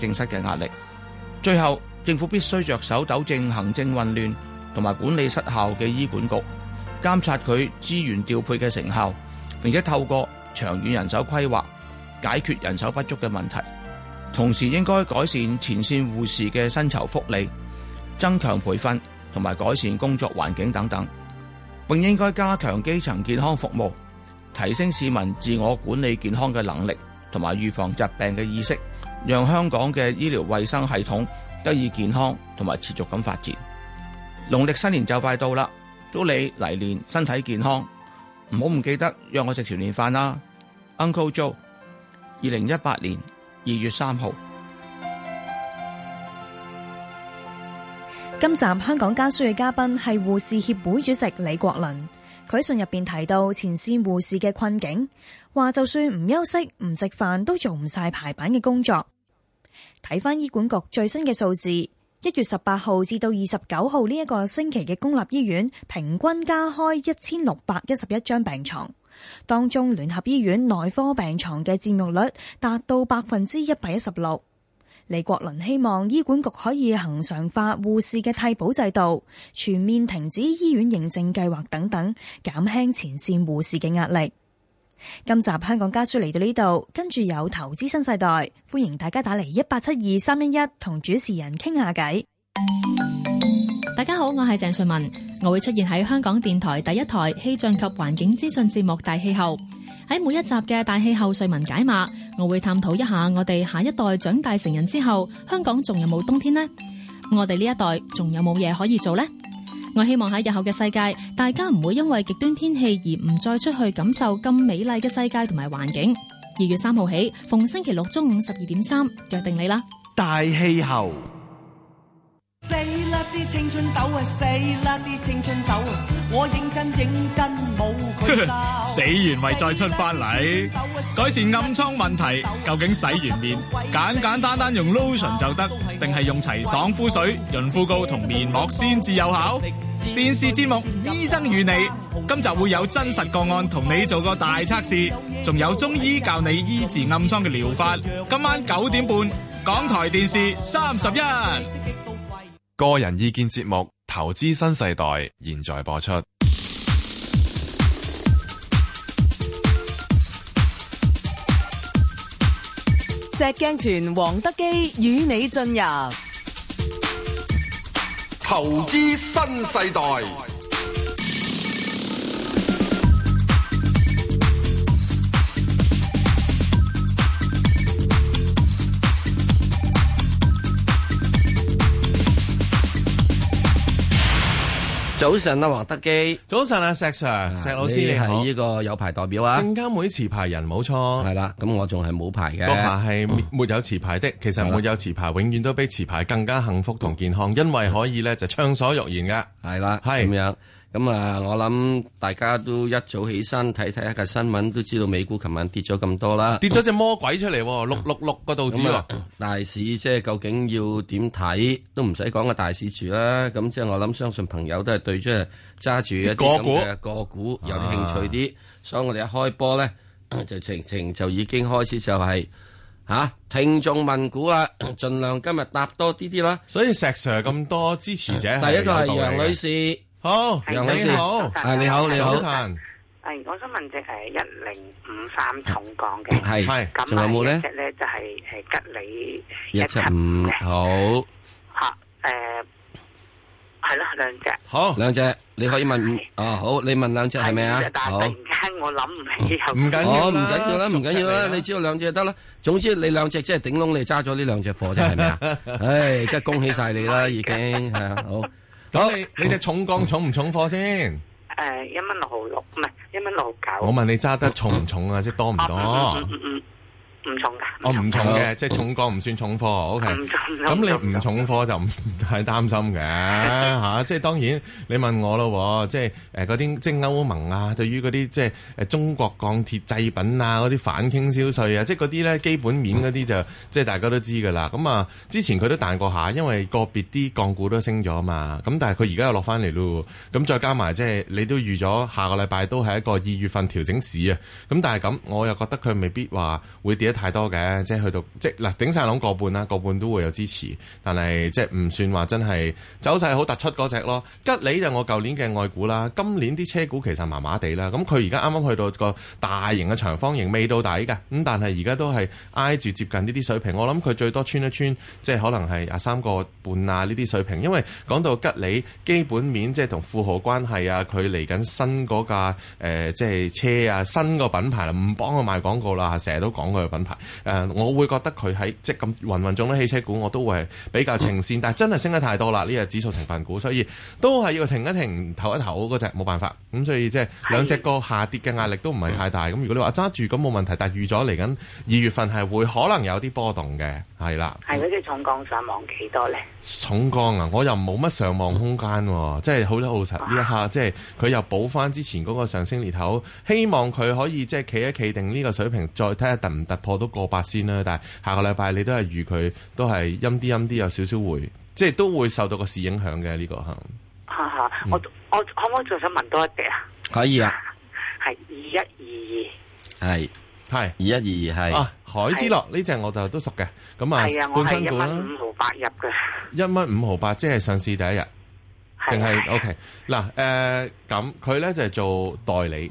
政室嘅壓力，最後政府必須着手糾正行政混亂同埋管理失效嘅醫管局，監察佢資源調配嘅成效，並且透過長遠人手規劃解決人手不足嘅問題。同時，應該改善前線護士嘅薪酬福利，增強培訓同埋改善工作環境等等，並應該加強基層健康服務，提升市民自我管理健康嘅能力同埋預防疾病嘅意識。讓香港嘅醫療衛生系統得以健康同埋持續咁發展。農曆新年就快到啦，祝你嚟年身體健康，唔好唔記得讓我食團年飯啦，Uncle Joe。二零一八年二月三號，今集香港家書嘅嘉賓係護士協會主席李國麟。佢喺信入邊提到前線護士嘅困境，話就算唔休息，唔食飯都做唔晒排版嘅工作。睇翻醫管局最新嘅數字，一月十八號至到二十九號呢一個星期嘅公立醫院平均加開一千六百一十一張病床，當中聯合醫院內科病床嘅佔用率達到百分之一百一十六。李國麟希望醫管局可以恆常化護士嘅替補制度，全面停止醫院認證計劃等等，減輕前線護士嘅壓力。今集香港家書嚟到呢度，跟住有投資新世代，歡迎大家打嚟一八七二三一一同主持人傾下偈。大家好，我係鄭瑞文，我會出現喺香港電台第一台氣象及環境資訊節目《大氣候》。喺每一集嘅《大氣候》，瑞文解碼，我會探討一下我哋下一代長大成人之後，香港仲有冇冬天呢？我哋呢一代仲有冇嘢可以做呢？我希望喺日後嘅世界，大家唔會因為極端天氣而唔再出去感受咁美麗嘅世界同埋環境。二月三號起，逢星期六中午十二點三，約定你啦。大氣候。死甩啲青春痘啊！死甩啲青春痘啊！我認真認真冇佢死完咪再出翻嚟改善暗瘡問題，究竟洗完面簡簡單單用 lotion 就得，定係用齊爽膚水、潤膚膏同面膜先至有效？電視節目《醫生與你》今集會有真實個案同你做個大測試，仲有中醫教你醫治暗瘡嘅療法。今晚九點半，港台電視三十一。個人意見節目《投資新世代》現在播出。石鏡泉、黃德幾與你進入《投資新世代》。早晨啊，黃德幾。早晨啊，石 Sir，啊，石老師你好。呢個有牌代表啊，證監會持牌人冇錯。係啦，咁我仲係冇牌嘅。個牌係沒有持牌的，其實冇有持牌，永遠都比持牌更加幸福同健康，了因為可以咧就暢所欲言㗎。係啦了，係咁是樣。咁啊、嗯！我諗大家都一早起身睇睇下嘅新聞，都知道美股琴晚跌咗咁多啦，跌咗隻魔鬼出嚟，嗯、六六六嗰度跌。嗯嗯嗯、大市即係究竟要點睇，都唔使講個大市住啦。咁即係我諗，相信朋友都係對即係揸住一啲嘅個股，股有啲興趣啲，啊、所以我哋一開波呢，嗯、就程程就已經開始就係吓聽眾問股啊，盡、啊嗯、量今日答多啲啲啦。所以石 Sir 咁多支持者，第一個係楊女士。好，楊老師好，啊你好你好，早晨，係，我想問隻誒一零五三重鋼嘅係係，仲有冇咧隻咧就係係吉利一七五，好，吓誒，係咯兩隻，好兩隻，你可以問啊，好你問兩隻係咪啊？好，突然間我諗唔起，唔緊要啦，唔緊要啦，唔緊要啦，你知道兩隻得啦，總之你兩隻即係頂籠你揸咗呢兩隻貨啫，係咪啊？唉，即係恭喜晒你啦，已經係啊，好。咁你你隻重鋼重唔重貨先？誒，一蚊六毫六，唔係一蚊六毫九。我問你揸得重唔重啊？即係多唔多？嗯嗯嗯。唔重噶，我唔重嘅，即係重鋼唔算重貨。O K，咁你唔重貨就唔太擔心嘅吓。即係當然你問我咯，即係誒嗰啲即係歐盟啊，對於嗰啲即係誒中國鋼鐵製品啊嗰啲反傾銷稅啊，即係嗰啲咧基本面嗰啲就、嗯、即係大家都知噶啦。咁、嗯、啊，之前佢都彈過下，因為個別啲鋼股都升咗啊嘛。咁但係佢而家又落翻嚟。咯咁、嗯、再加埋即係你都預咗下個禮拜都係一個二月份調整市啊。咁但係咁，我又覺得佢未必話會跌。太多嘅，即係去到即係嗱，頂晒籠個半啦，個半都會有支持，但係即係唔算話真係走勢好突出嗰隻咯。吉利就我舊年嘅外股啦，今年啲車股其實麻麻地啦，咁佢而家啱啱去到個大型嘅長方形，未到底嘅，咁但係而家都係挨住接近呢啲水平，我諗佢最多穿一穿，即係可能係廿三個半啊呢啲水平，因為講到吉利基本面即係同富豪關係啊，佢嚟緊新嗰架誒、呃、即係車啊，新個品牌啦，唔幫佢賣廣告啦，成日都講佢嘅品品、uh，我會覺得佢喺即咁芸芸眾啲汽車股，我都會係比較情線，嗯、但係真係升得太多啦，呢個指數成分股，所以都係要停一停、唞一唞嗰隻，冇辦法。咁、嗯、所以即係兩隻個下跌嘅壓力都唔係太大。咁、嗯、如果你話揸住，咁冇問題。但係預咗嚟緊二月份係會可能有啲波動嘅，係啦。係嗰啲重降上望幾多咧？重降啊！我又冇乜上望空間、啊，即係好都好實。呢一下哇即係佢又補翻之前嗰個上升烈頭，希望佢可以即係企一企定呢個水平，再睇下突唔突破。我都過百先啦，但係下個禮拜你都係預佢都係陰啲陰啲，有少少會，即係都會受到個市影響嘅呢、這個嚇。嚇、啊嗯、我我可唔可以再想問多一啲啊？可以啊，係、啊、二一二二，係係二一二二，係、啊。海之樂呢、啊、隻我就都熟嘅，咁啊，半身股啦。一蚊五毫八入嘅。一蚊五毫八，即係上市第一日，定係、啊、OK 嗱？誒、呃，咁佢咧就係做代理。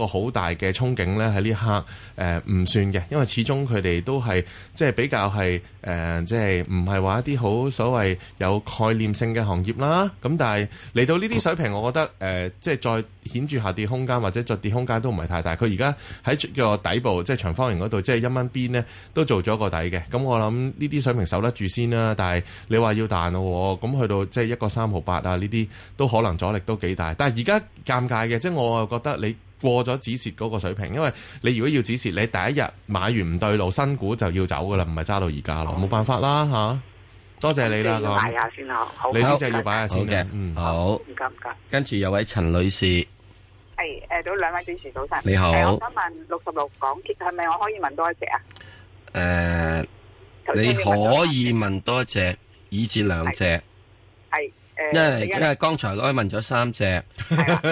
個好大嘅憧憬呢，喺呢刻誒唔、呃、算嘅，因為始終佢哋都係即係比較係誒、呃，即係唔係話一啲好所謂有概念性嘅行業啦。咁但係嚟到呢啲水平，我覺得誒、呃、即係再顯著下跌空間或者再跌空間都唔係太大。佢而家喺個底部，即係長方形嗰度，即係一蚊邊呢，都做咗個底嘅。咁我諗呢啲水平守得住先啦。但係你話要彈咯，咁去到即係一個三毫八啊，呢啲都可能阻力都幾大。但係而家尷尬嘅，即係我又覺得你。過咗止蝕嗰個水平，因為你如果要止蝕，你第一日買完唔對路，新股就要走噶啦，唔係揸到而家咯，冇辦法啦吓。多謝你啦，咁你呢隻要擺下先嘅。好，好，唔該唔該。跟住有位陳女士，係誒，早兩位主持早晨，你好。你好，想問六十六港鐵，係咪我可以問多一隻啊？誒，你可以問多一隻，以至兩隻。係誒，因為因為剛才我問咗三隻，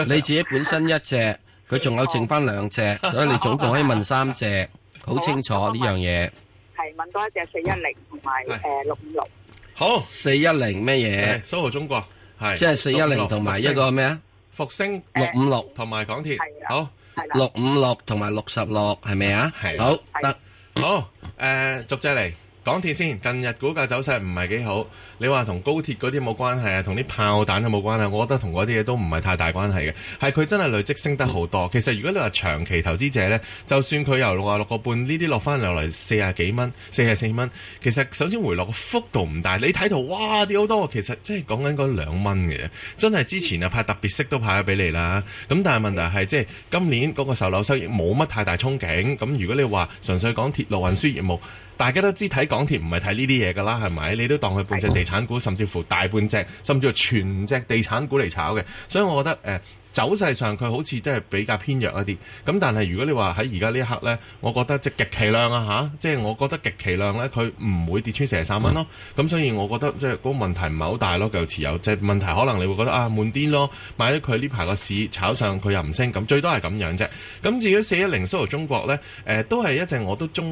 你自己本身一隻。佢仲有剩返兩隻，所以你總共可以問三隻，好清楚呢樣嘢。係問多一隻四一零同埋誒，六五六。好，四一零咩嘢？蘇豪中國係即係四一零同埋一個咩啊？復星六五六同埋港鐵。好，六五六同埋六十六係咪啊？好，得好，誒，逐隻嚟。港鐵先，近日股價走勢唔係幾好。你話同高鐵嗰啲冇關係啊，同啲炮彈都冇關係。我覺得同嗰啲嘢都唔係太大關係嘅，係佢真係累積升得好多。其實如果你話長期投資者呢，就算佢由六啊六個半呢啲落翻落嚟四啊幾蚊、四啊四蚊，其實首先回落個幅度唔大。你睇圖，哇跌好多，其實即係講緊嗰兩蚊嘅。真係之前啊派特別息都派咗俾你啦。咁但係問題係即係今年嗰個售樓收益冇乜太大憧憬。咁如果你話純粹講鐵路運輸業務。大家都知睇港鐵唔係睇呢啲嘢㗎啦，係咪？你都當佢半隻地產股，的甚至乎大半隻，甚至係全隻地產股嚟炒嘅，所以我覺得誒，呃走勢上佢好似都係比較偏弱一啲，咁但係如果你話喺而家呢一刻呢，我覺得即係極其量啊吓、啊，即係我覺得極其量呢，佢唔會跌穿四十三蚊咯，咁、嗯嗯、所以我覺得即係嗰個問題唔係好大咯，舊持有即係問題可能你會覺得啊悶啲咯，買咗佢呢排個市炒上佢又唔升，咁最多係咁樣啫。咁、嗯、至於四一零蘇豪中國呢，誒、呃、都係一隻我都鍾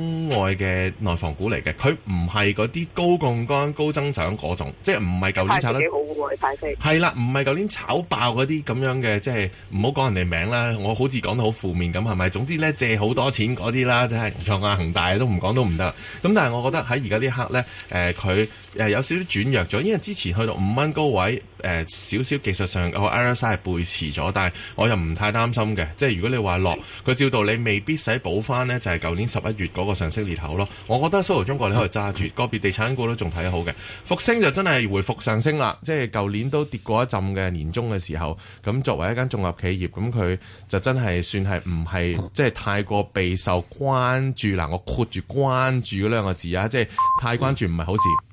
愛嘅內房股嚟嘅，佢唔係嗰啲高槓桿、高增長嗰種，即係唔係舊年炒得幾好嘅。係啦，唔係舊年炒爆嗰啲咁樣嘅即係。唔好講人哋名啦，我好似講得好負面咁係咪？總之呢，借好多錢嗰啲啦，即係像阿恒大都唔講都唔得。咁但係我覺得喺而家呢刻呢，誒，佢誒有少少轉弱咗，因為之前去到五蚊高位。誒少少技術上，我 RSI 係背馳咗，但係我又唔太擔心嘅。即係如果你話落，佢照道理未必使補翻呢，就係、是、舊年十一月嗰個上升裂口咯。我覺得 SOHO 中國你可以揸住個別地產股都仲睇好嘅。復星就真係回復上升啦，即係舊年都跌過一陣嘅年中嘅時候。咁作為一間綜合企業，咁佢就真係算係唔係即係太過備受關注嗱、啊，我括住關注嗰兩個字啊，即係太關注唔係好事。嗯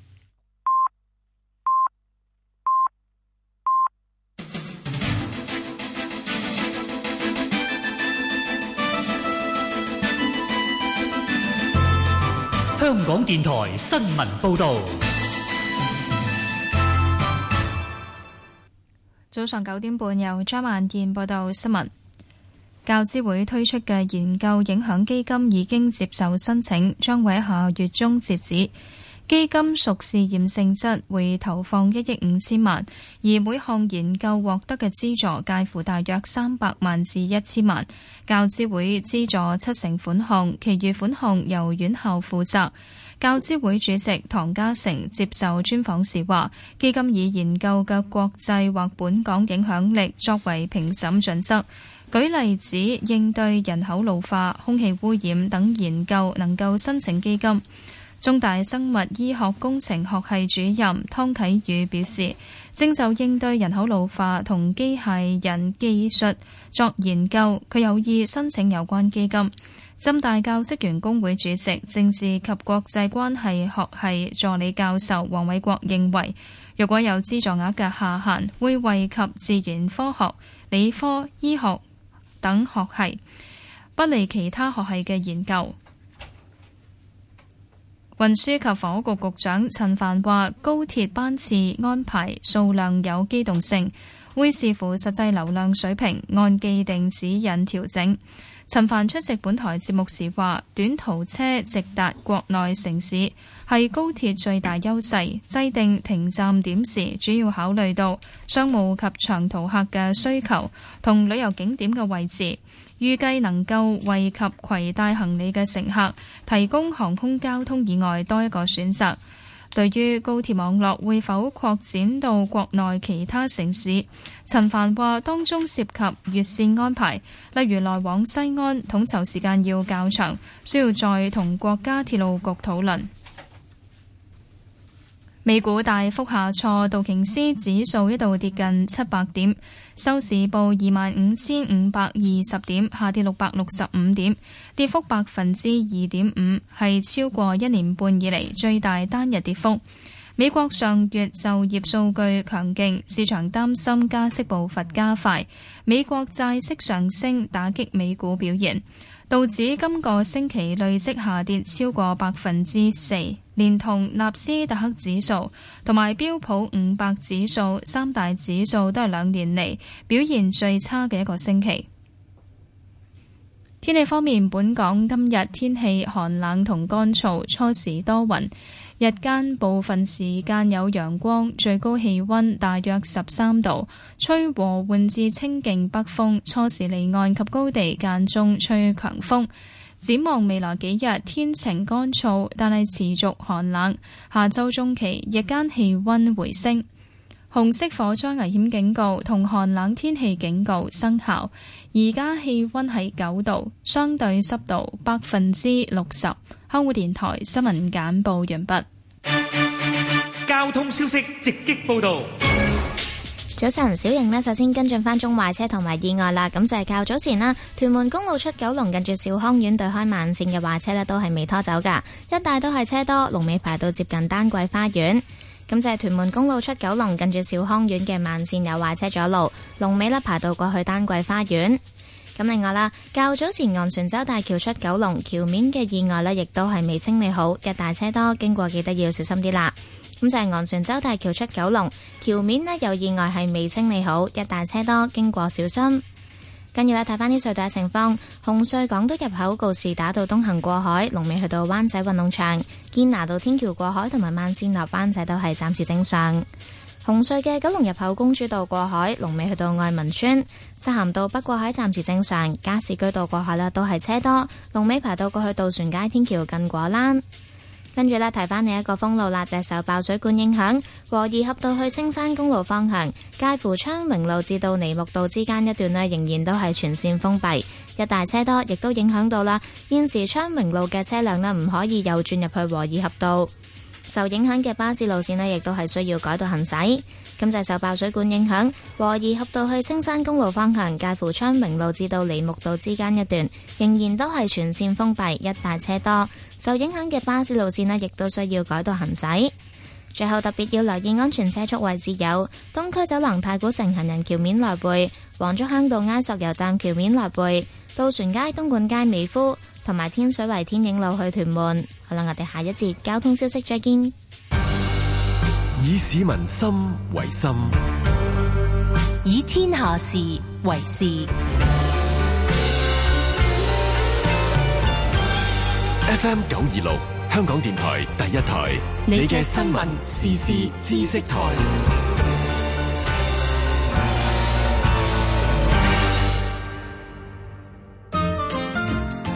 香港電台新聞報道。早上九點半，由張萬燕報道新聞。教資會推出嘅研究影響基金已經接受申請，將會喺下月中截止。基金屬試驗性質，會投放一億五千萬，而每項研究獲得嘅資助介乎大約三百萬至一千萬。教資會資助七成款項，其餘款項由院校負責。教資會主席唐家成接受專訪時話：基金以研究嘅國際或本港影響力作為評審準則。舉例指應對人口老化、空氣污染等研究能夠申請基金。中大生物醫學工程學系主任湯啟宇表示，正就應對人口老化同機械人技術作研究，佢有意申請有關基金。浸大教職員工會主席、政治及國際關係學系助理教授黃偉國認為，若果有資助額嘅下限，會惠及自然科學、理科、醫學等學系，不利其他學系嘅研究。運輸及房屋局局長陳帆話：高鐵班次安排數量有機動性，會視乎實際流量水平，按既定指引調整。陳帆出席本台節目時話：短途車直達國內城市係高鐵最大優勢。制定停站點時，主要考慮到商務及長途客嘅需求同旅遊景點嘅位置。預計能夠惠及攜帶行李嘅乘客，提供航空交通以外多一個選擇。對於高鐵網絡會否擴展到國內其他城市，陳帆話：當中涉及越線安排，例如來往西安，統籌時間要較長，需要再同國家鐵路局討論。美股大幅下挫，道瓊斯指數一度跌近七百點，收市報二萬五千五百二十點，下跌六百六十五點，跌幅百分之二點五，係超過一年半以嚟最大單日跌幅。美國上月就業數據強勁，市場擔心加息步伐加快，美國債息上升，打擊美股表現，道指今個星期累積下跌超過百分之四。.連同納斯達克指數同埋標普五百指數，三大指數都係兩年嚟表現最差嘅一個星期。天氣方面，本港今日天氣寒冷同乾燥，初時多雲，日間部分時間有陽光，最高氣温大約十三度，吹和緩至清勁北風，初時離岸及高地間中吹強風。展望未來幾日，天晴乾燥，但係持續寒冷。下周中期日間氣温回升。紅色火災危險警告同寒冷天氣警告生效。而家氣温喺九度，相對濕度百分之六十。香港電台新聞簡報完畢。交通消息直擊報導。早晨，小瑩呢，首先跟進返中壞車同埋意外啦。咁就係較早前啦，屯門公路出九龍近住兆康苑對開慢線嘅壞車呢都係未拖走噶，一帶都係車多，龍尾排到接近丹桂花園。咁就係屯門公路出九龍近住兆康苑嘅慢線有壞車阻路，龍尾呢排到過去丹桂花園。咁另外啦，較早前昂船洲大橋出九龍橋面嘅意外呢，亦都係未清理好，一帶車多，經過記得要小心啲啦。咁就係昂船洲大橋出九龍，橋面呢，有意外係未清理好，一帶車多，經過小心。跟住呢，睇翻啲隧道嘅情況，紅隧港島入口告士打道東行過海，龍尾去到灣仔運動場；堅拿道天橋過海同埋慢線落灣仔都係暫時正常。紅隧嘅九龍入口公主道過海，龍尾去到愛民村；漆咸道北過海暫時正常；加士居道過海咧都係車多，龍尾排到過去渡船街天橋近果欄。跟住咧，提翻你一個封路啦，只受爆水管影響，和宜合道去青山公路方向介乎昌榮路至到梨木道之間一段呢，仍然都係全線封閉，一大車多，亦都影響到啦。現時昌榮路嘅車輛呢，唔可以右轉入去和宜合道，受影響嘅巴士路線呢，亦都係需要改道行駛。今就受爆水管影響，和宜合道去青山公路方向介乎昌榮路至到梨木道之間一段仍然都係全線封閉，一大車多。受影響嘅巴士路線呢亦都需要改道行駛。最後特別要留意安全車速位置有：東區走廊、太古城行人橋面來回、黃竹坑道埃索油站橋面來回、渡船街、東莞街、美孚同埋天水圍天影路去屯門。好啦，我哋下一節交通消息再見。以市民心為心，以天下事為事。FM 九二六，香港電台第一台，你嘅新聞、時事、知識台。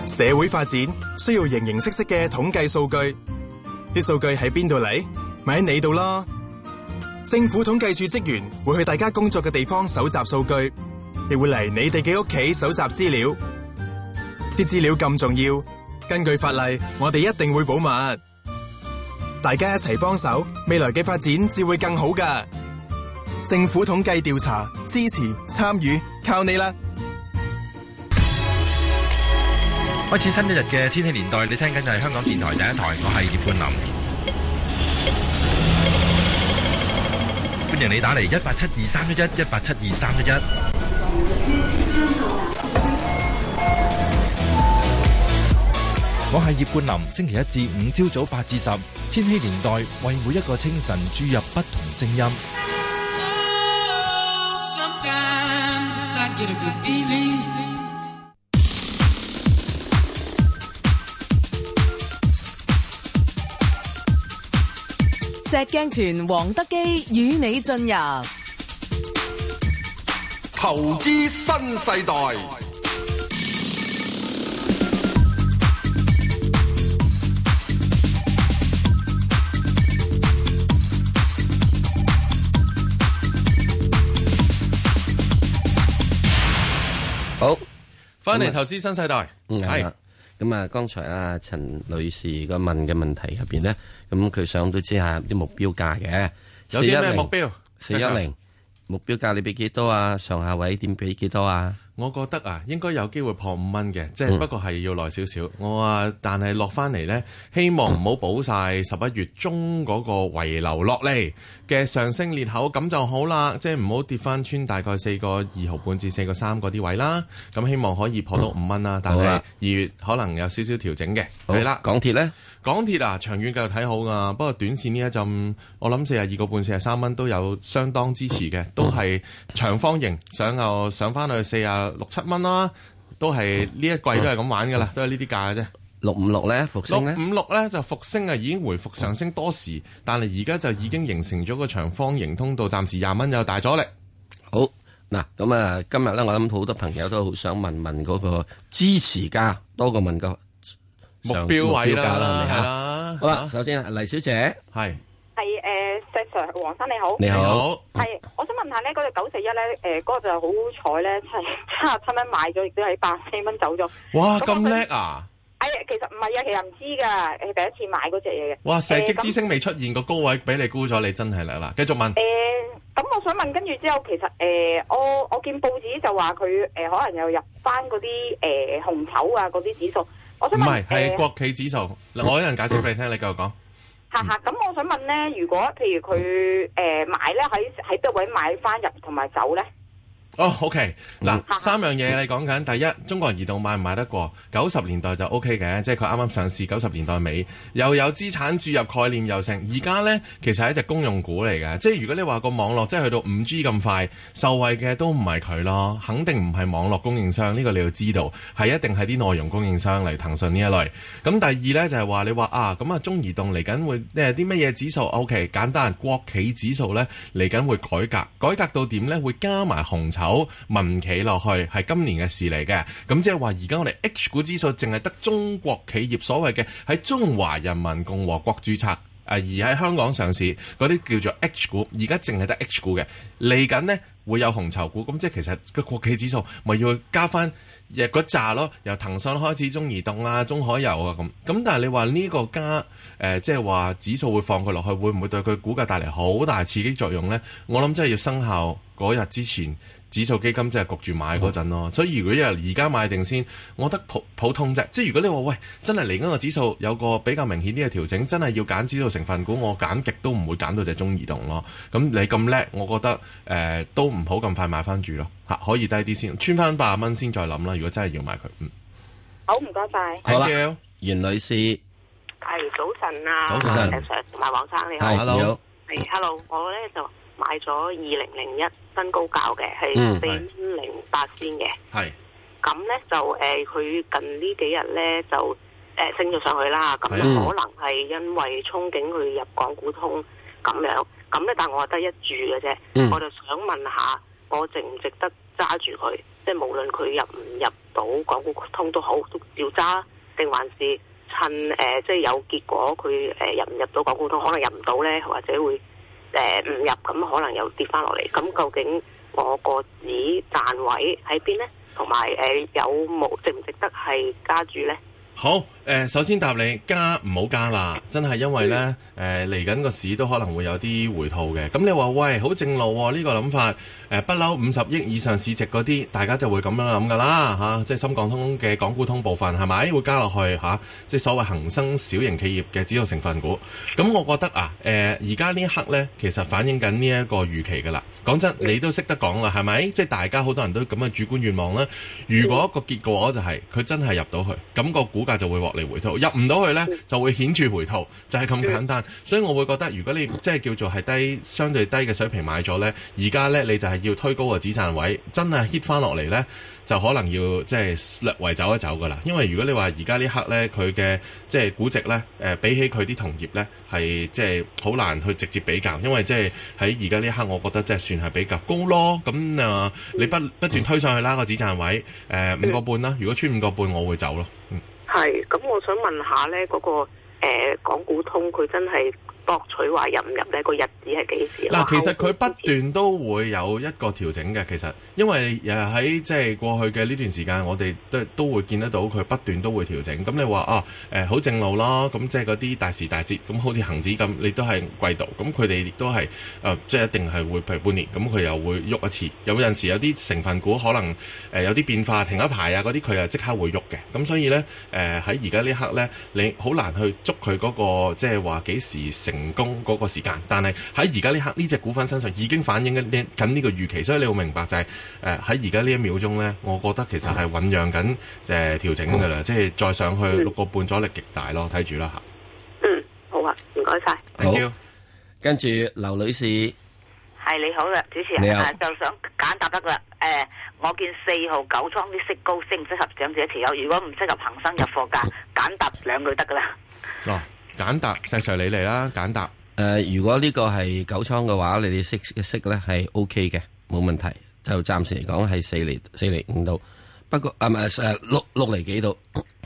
社會發展需要形形色色嘅統計數據，啲數據喺邊度嚟？咪喺你度啦！政府統計處職員會去大家工作嘅地方搜集數據，亦會嚟你哋嘅屋企搜集資料。啲資料咁重要，根據法例，我哋一定會保密。大家一齊幫手，未來嘅發展至會更好㗎。政府統計調查支持參與，靠你啦！開始新一日嘅天氣年代，你聽緊就係香港電台第一台，我係葉冠林。歡迎你打嚟一八七二三一一一八七二三一一。31, 我係葉冠林，星期一至五朝早八至十，千禧年代為每一個清晨注入不同聲音。Oh, 石鏡泉黃德幾與你進入投資新世代，好，翻嚟來麼投資新世代，係、嗯。是嗯咁啊，剛才阿陳女士個問嘅問題入面呢，咁佢想都知道下啲目標價嘅四一零目標，四一零目標價你俾幾多啊？上下位點俾幾多啊？我覺得啊，應該有機會破五蚊嘅，即係、嗯、不過係要耐少少。我話，但係落翻嚟呢，希望唔好補晒十一月中嗰個遺留落嚟嘅上升裂口，咁就好啦。即係唔好跌翻穿大概四個二毫半至四個三嗰啲位啦。咁希望可以破到五蚊啦。嗯、但係二月可能有少少調整嘅。好、啊、啦好，港鐵呢。港鐵啊，長遠繼續睇好噶、啊，不過短線呢一陣，我諗四十二個半、四十三蚊都有相當支持嘅，都係長方形上又上翻去四十六七蚊啦，都係呢一季都係咁玩噶啦，啊、都係呢啲價嘅啫。六五六咧，復星？六五六咧就復星啊，已經回復上升多時，但係而家就已經形成咗個長方形通道，暫時廿蚊有大阻力。好，嗱咁啊，今日咧，我諗好多朋友都好想問問嗰個支持家，多個問個。目標位啦，好啦，首先黎小姐係係誒，石 Sir 黃生你好，你好係，我想問下咧，嗰隻九四一咧誒，嗰個就好彩咧，係七十七蚊買咗，亦都係八四蚊走咗，哇咁叻啊！哎其實唔係啊，其實唔知噶，誒第一次買嗰隻嘢嘅。哇！射擊之星未出現個高位俾你沽咗，你真係啦啦，繼續問。誒，咁我想問，跟住之後其實誒，我我見報紙就話佢誒，可能又入翻嗰啲誒紅籌啊嗰啲指數。唔係，係國企指數，呃、我有人解釋俾你聽，你繼續講。嚇、嗯、嚇，咁、嗯嗯、我想問咧，如果譬如佢誒、呃、買咧，喺喺邊位買翻入同埋走咧？哦、oh，OK，嗱、嗯、三樣嘢你講緊。嗯、第一中國移動買唔買得過？九十年代就 OK 嘅，即係佢啱啱上市，九十年代尾又有資產注入概念又成。而家呢，其實係一隻公用股嚟嘅，即係如果你話個網絡即係去到五 G 咁快，受惠嘅都唔係佢咯，肯定唔係網絡供應商，呢、這個你要知道，係一定係啲內容供應商嚟，騰訊呢一類。咁第二呢，就係、是、話你話啊，咁啊中移動嚟緊會咩啲乜嘢指數？OK，簡單，國企指數呢，嚟緊會改革，改革到點呢？會加埋紅籌。好民企落去係今年嘅事嚟嘅，咁即係話而家我哋 H 股指數淨係得中國企業所謂嘅喺中華人民共和國注冊誒而喺香港上市嗰啲叫做 H 股，而家淨係得 H 股嘅。嚟緊呢會有紅籌股，咁即係其實個國企指數咪要加翻日嗰扎咯，由騰訊開始，中移動啊，中海油啊咁。咁但係你話呢個加誒、呃，即係話指數會放佢落去，會唔會對佢股價帶嚟好大刺激作用呢？我諗真係要生效嗰日之前。指數基金即係焗住買嗰陣咯，所以如果又而家買定先，我覺得普普通啫。即係如果你話喂，真係嚟緊個指數有個比較明顯啲嘅調整，真係要揀指數成分股，我揀極都唔會揀到隻中移動咯。咁你咁叻，我覺得誒、呃、都唔好咁快買翻住咯，嚇可以低啲先，穿翻八十蚊先再諗啦。如果真係要買佢，嗯。好，唔該曬。好啦了，好了袁女士，係、哎、早晨啊，早晨，同埋黃生你好 Hi,，hello，係 hello.、Hey, hello，我咧就。買咗二零零一新高價嘅，係四千零八仙嘅。係咁咧，就誒佢、呃、近呢幾日咧就誒、呃、升咗上去啦。咁可能係因為憧憬去入港股通咁樣。咁咧，但我係得一注嘅啫。嗯、我就想問下，我值唔值得揸住佢？即係無論佢入唔入到港股通都好，都要揸定還是趁誒、呃、即係有結果佢誒入唔入到港股通，可能入唔到咧，或者會？誒，唔、呃、入咁可能又跌翻落嚟，咁究竟我個止賺位喺邊呢？同埋誒，有冇值唔值得係加注呢？好。誒，首先答你加唔好加啦，真係因為呢誒嚟緊個市都可能會有啲回吐嘅。咁你話喂，好正路喎、啊，呢、呢個諗法，誒不嬲五十億以上市值嗰啲，大家就會咁樣諗㗎啦，嚇、啊，即係深港通嘅港股通部分係咪會加落去嚇、啊？即係所謂恒生小型企業嘅指數成分股。咁我覺得啊，誒而家呢一刻呢，其實反映緊呢一個預期㗎啦。講真，你都識得講啦，係咪？即係大家好多人都咁嘅主觀願望啦。如果個結果就係佢真係入到去，咁、那個股價就會獲。回吐入唔到去呢，就會顯著回吐，就係、是、咁簡單。所以我會覺得，如果你即係叫做係低相對低嘅水平買咗呢，而家呢，你就係要推高個止賺位。真係 hit 翻落嚟呢，就可能要即係略為走一走㗎喇。因為如果你話而家呢刻呢，佢嘅即係估值呢，誒、呃、比起佢啲同業呢，係即係好難去直接比較。因為即係喺而家呢一刻，我覺得即係算係比較高咯。咁、嗯、啊、呃，你不不斷推上去啦個止賺位，誒五個半啦。5. 5，如果穿五個半，我會走咯。嗯。係，咁嗯，我想問下咧，嗰個誒，呃，港股通佢真係。博取話入唔入呢個日子係幾時嗱，其實佢不斷都會有一個調整嘅，其實因為誒喺即係過去嘅呢段時間，我哋都都會見得到佢不斷都會調整。咁、嗯、你話啊誒好、呃、正路咯，咁、嗯、即係嗰啲大時大節，咁、嗯、好似恒指咁，你都係季度，咁佢哋亦都係誒、呃、即係一定係會譬如半年，咁、嗯、佢又會喐一次。有陣時有啲成分股可能誒、呃、有啲變化停一排啊嗰啲，佢又即刻會喐嘅。咁、嗯、所以呢，誒喺而家呢一刻呢，你好難去捉佢嗰個即係話幾時成。成功嗰個時間，但係喺而家呢刻呢，隻股份身上已經反映緊呢個預期，所以你會明白就係誒喺而家呢一秒鐘咧，我覺得其實係醞釀緊誒調整噶啦，嗯、即係再上去六個半阻力極大咯，睇住啦吓。嗯，好啊，唔該晒。阿 Jo，好 Thank you. 跟住劉女士係你好啦、啊，主持人。好啊、就想簡答得噶，誒、啊，我見四號九倉啲息高，適唔適合長者持有？如果唔適合行新入貨價，簡答兩句得噶啦。 簡答，石 Sir 你嚟啦，簡答。誒、呃，如果呢個係九倉嘅話，你哋息息咧係 O K 嘅，冇問題。就暫時嚟講係四厘四厘五度，不過啊唔係誒六六厘幾度。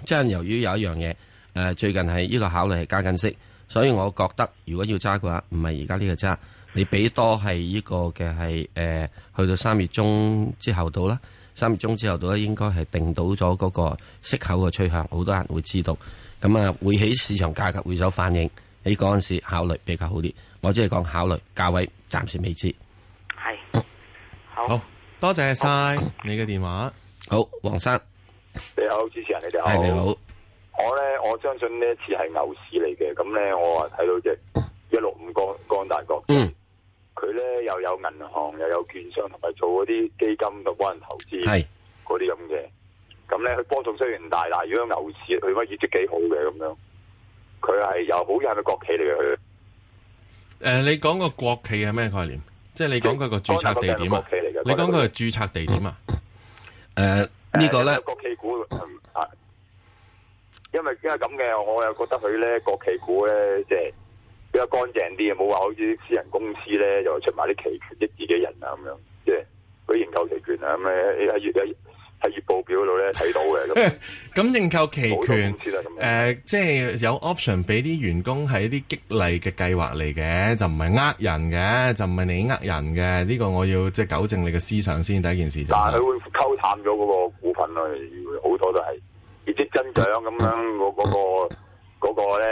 即係由於有一樣嘢，誒、呃、最近係呢個考慮係加緊息，所以我覺得如果要揸嘅話，唔係而家呢個揸，你俾多係呢個嘅係誒去到三月中之後到啦，三月中之後到咧應該係定到咗嗰個息口嘅趨向，好多人會知道。咁啊，會喺市場價格會有所反映，喺嗰陣時考慮比較好啲。我只係講考慮價位，暫時未知。係、oh, 好，oh. 多謝晒你嘅、oh. 電話。好，黃生，你好，主持人你哋好。Hey, 你好，我咧我相信呢一次係牛市嚟嘅。咁咧我啊睇到隻一六五光光大控股，嗯、mm.，佢咧又有銀行又有券商，同埋做嗰啲基金嘅幫人投資，係嗰啲咁嘅。咁咧，佢波幅雖然唔大，大，但係如果牛市，佢個業績幾好嘅咁樣。佢係又好嘅，係咪國企嚟嘅？誒、呃，你講個國企係咩概念？即係你講佢個注冊地點啊？企企你講佢係注冊地點啊？誒、呃，這個、呢個咧，國企股啊，因為而家咁嘅，我又覺得佢咧國企股咧，即係比較乾淨啲，冇話好似啲私人公司咧，又出埋啲期權益自己人啊，咁樣即係佢研究期權啊，咁、嗯、樣喺業報表度咧睇到嘅，咁認購期權，誒，即係有 option 俾啲員工喺啲激勵嘅計劃嚟嘅，就唔係呃人嘅，就唔係你呃人嘅，呢個我要即係糾正你嘅思想先，第一件事就。但係佢會溝淡咗嗰個股份啊，好多都係，業績增長咁樣，我嗰個嗰個咧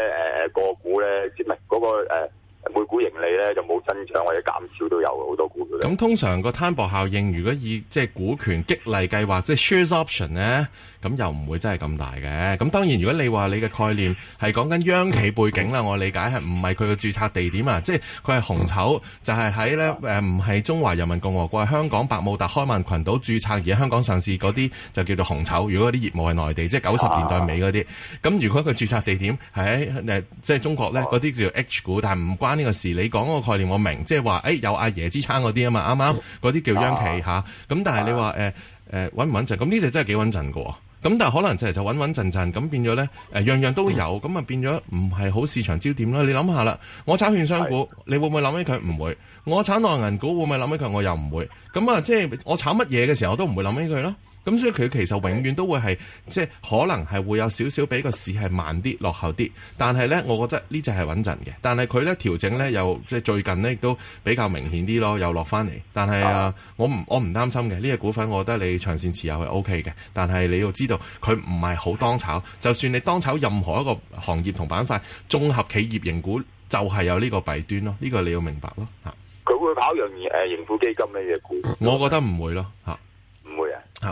誒個股咧，即係唔係嗰個每股盈利咧就冇增長或者減少都有好多股票。咁通常個攤薄效應，如果以即係股權激勵計劃，即係 shares option 咧。咁又唔會真係咁大嘅。咁當然，如果你話你嘅概念係講緊央企背景啦，我理解係唔係佢嘅註冊地點啊？即係佢係紅籌，就係喺咧誒，唔、呃、係中華人民共和國，係香港百慕達、開曼群島註冊而喺香港上市嗰啲，就叫做紅籌。如果啲業務係內地，即係九十年代尾嗰啲，咁、啊、如果佢註冊地點係喺誒即係中國咧，嗰啲叫 H 股，但係唔關呢個事。你講個概念我明，即係話誒有阿爺支撐嗰啲啊嘛，啱啱？嗰啲叫央企嚇。咁、啊嗯、但係你話誒誒穩唔穩陣？咁呢隻真係幾穩陣嘅喎。咁但係可能就係就穩穩陣陣，咁變咗咧，誒、呃、樣樣都有，咁啊、嗯、變咗唔係好市場焦點啦。你諗下啦，我炒券商股，是的 你會唔會諗起佢？唔會。我炒內銀股，會唔會諗起佢？我又唔會。咁啊，即係我炒乜嘢嘅時候，我都唔會諗起佢咯。咁、嗯、所以佢其實永遠都會係，即係可能係會有少少比個市係慢啲落後啲，但係呢，我覺得呢隻係穩陣嘅。但係佢呢調整呢，又即係最近呢都比較明顯啲咯，又落翻嚟。但係、哦、啊，我唔我唔擔心嘅呢隻股份，我覺得你長線持有係 O K 嘅。但係你要知道，佢唔係好當炒。就算你當炒任何一個行業同板塊綜合企業型股，就係有呢個弊端咯。呢、呢個你要明白咯嚇。佢會跑入誒盈富基金嘅嘢股？嗯、我覺得唔會咯嚇。咯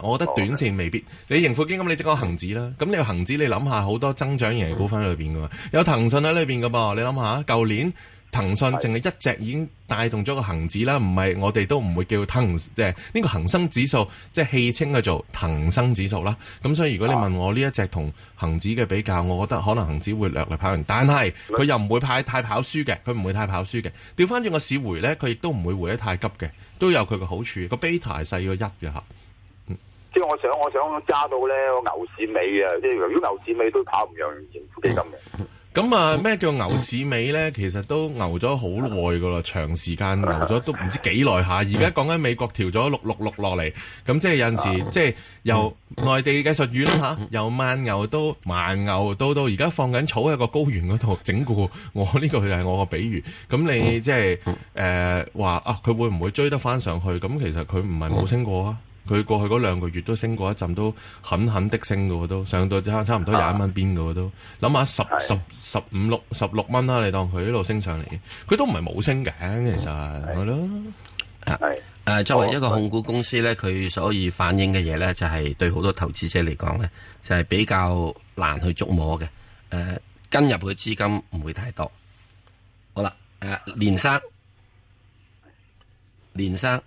我覺得短線未必 Okay. 你盈富基金，你即係恒指啦。咁你個恒指，你諗下好多增長型股份喺裏邊噶嘛？有騰訊喺裏邊噶噃，你諗下舊年騰訊淨係一隻已經帶動咗個恒指啦。唔係我哋都唔會叫騰即係呢個恒生指數，即係戲稱佢做騰生指數啦。咁所以如果你問我呢一隻同恒指嘅比較，我覺得可能恒指會略略跑贏，但係佢又唔會派太跑輸嘅，佢唔會太跑輸嘅。調翻轉個市回咧，佢亦都唔會回得太急嘅，都有佢嘅好處。個 beta 係細過一嘅嚇。即係我想，我想揸到咧，牛市尾啊。即係如果牛市尾都跑唔贏政府基金嘅。咁啊，咩叫牛市尾咧？其實都牛咗好耐噶啦，長時間牛咗都唔知幾耐下。而家講緊美國調咗六六六落嚟，咁即係有陣時，即係、啊、由內地嘅術語啦吓，由慢牛都慢牛到到而家放緊草喺個高原嗰度整固。我呢、這個就係我個比喻。咁你即係誒話啊，佢會唔會追得翻上去？咁其實佢唔係冇升過啊。佢過去嗰兩個月都升過一陣，都狠狠的升嘅，都上到差差唔多廿一蚊邊嘅，都諗下十是的 十十五六十六蚊啦，你當佢一路升上嚟，佢都唔係冇升嘅，其實係咯，係誒作為一個控股公司咧，佢所以反映嘅嘢咧，就係、是、對好多投資者嚟講咧，就係、是、比較難去捉摸嘅。誒、啊，跟入嘅資金唔會太多，好啦，誒、啊，連生，連生。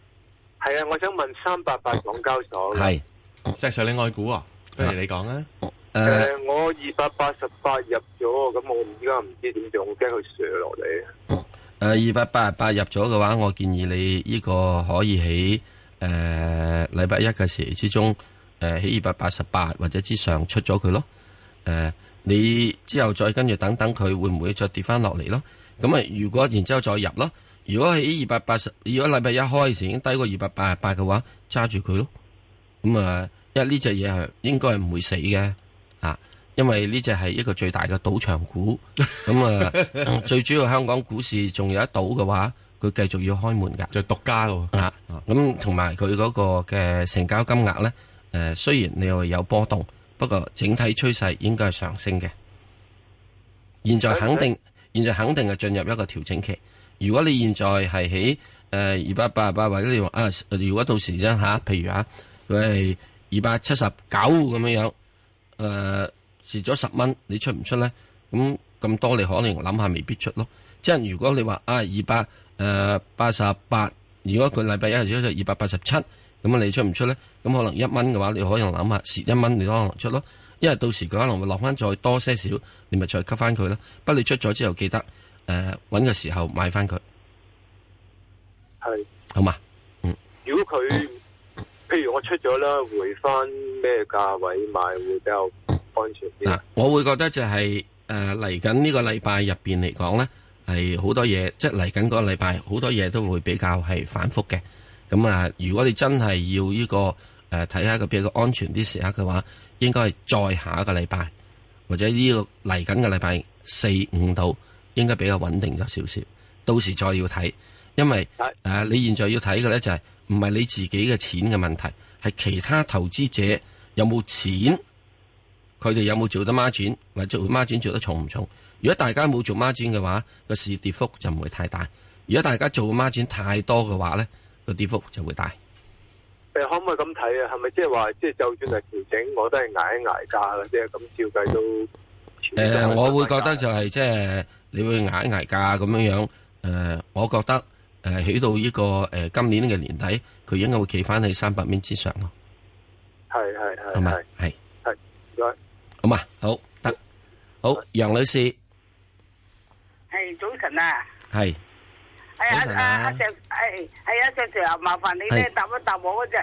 係啊，我想問三八八港交所。係是石 Sir，你愛股啊、哦？不如的的你講啊。誒、呃呃，我二百八十八入咗，咁我唔而家唔知點做，我驚佢跌落嚟。誒、呃，二百八十八入咗嘅話，我建議你呢個可以喺誒禮拜一嘅時之中，誒喺二百八十八或者之上出咗佢咯。誒、呃，你之後再跟住等等佢會唔會再跌翻落嚟咯？咁啊，如果然之後再入咯。如果喺二百八十，如果禮拜一開始時已經低過二百八十八嘅話，揸住佢咯。咁、嗯、啊，因為呢隻嘢係應該係唔會死嘅啊，因為呢隻係一個最大嘅賭場股。咁啊、 嗯，最主要香港股市仲有一賭嘅話，佢繼續要開門噶，就獨家噶啊。咁同埋佢嗰個嘅成交金額咧，誒、啊，雖然你話有波動，不過整體趨勢應該係上升嘅。現在肯定，Okay. 現在肯定係進入一個調整期，期。如果你現在係喺誒二百八十八，呃、8, 或者你話啊，如果到時啫嚇、啊，譬如啊，佢係二百七十九咁樣樣，誒蝕咗十蚊，你出唔出咧？咁咁多你可能諗下未必出咯。即、就、係、是、如果你話啊二百誒八十八，8, 如果佢禮拜一日出二百八十七，咁你出唔出咧？咁可能一蚊嘅話，你可能諗下蝕一蚊，你都可能出咯。因為到時佢可能會落翻再多些少，你咪再吸翻佢啦。不過你出咗之後記得。誒，搵嘅、啊、時候買翻佢係好嘛？嗯，如果佢譬如我出咗啦，會回翻咩價位買會比較安全啲？嗱、啊，我會覺得就係誒嚟緊呢個禮、就是、拜入邊嚟講咧，係好多嘢，即係嚟緊嗰個禮拜好多嘢都會比較係反復嘅。咁啊，如果你真係要呢、這個誒睇下個比較安全啲時刻嘅話，應該係再下一個禮拜或者呢個嚟緊嘅禮拜四五度。應該比較穩定咗少少，到時再要睇，因為誒是、啊，你現在要睇嘅咧就係唔係你自己嘅錢嘅問題，係其他投資者有冇錢，佢哋有冇做得孖展，或者孖展做得重唔重？如果大家冇做孖展嘅話，個市跌幅就唔會太大；如果大家做孖展太多嘅話咧，個跌幅就會大。誒、嗯，可唔可以咁睇啊？係咪即係話，即、就、係、是、就算係調整，我都係捱一捱價嘅啫。咁、就是、照計都誒、嗯，我會覺得就係即係。就是就是你會壓一壓價咁樣樣？誒，我覺得誒，喺到呢個誒今年嘅年底，佢應該會企返喺三百蚊之上咯。係係係係係，唔該。好嘛，好得，好楊女士。係早晨啊。係。早晨啊。阿阿阿常，係係阿常常，麻煩你咧，答一答我嗰隻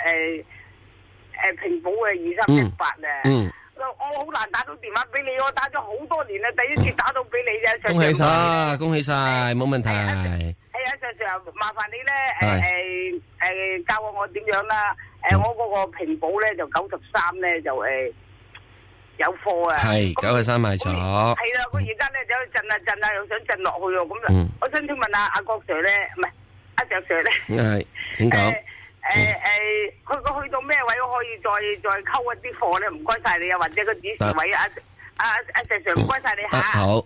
誒誒平保嘅二三一八啊。嗯。我好難打到電話俾你，我打咗好多年啦，第一次打到俾你啊！恭喜晒，恭喜晒，冇問題。係啊，石 Sir，麻煩你咧，誒誒誒，教下我點樣啦？誒，我嗰個平保咧就九十三咧就誒有貨啊，係九十三買咗。係啦，佢而家咧就震啊震啊，又想震落去哦，咁，我想請問阿阿郭 Sir 咧，唔係阿石 Sir 咧，係點講？誒誒，去個去到咩位可以再再溝一啲貨咧？唔該晒你啊，或者個指示位阿阿阿石 sir 唔該晒你吓。好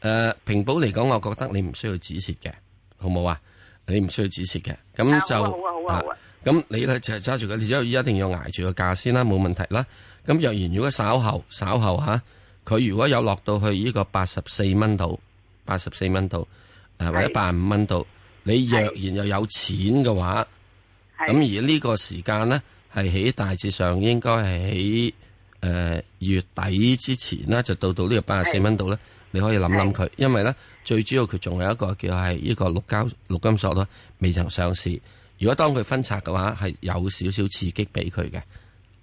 誒，平保嚟講，我覺得你唔需要指示嘅，好冇啊？你唔需要指示嘅，咁就啊，咁你咧就揸住佢，你一定要挨住個價先啦，冇問題啦。咁若然如果稍後稍後吓，佢如果有落到去呢個八十四蚊度，八十四蚊度，誒或者八十五蚊度，你若然又有錢嘅話。咁而呢個時間咧，係喺大致上應該係喺誒月底之前咧，就到到呢個八十四蚊度咧。是的 你可以諗諗佢，是的 因為咧最主要佢仲有一個叫係呢個陸交陸金所咯，未曾上市。如果當佢分拆嘅話，係有少少刺激俾佢嘅，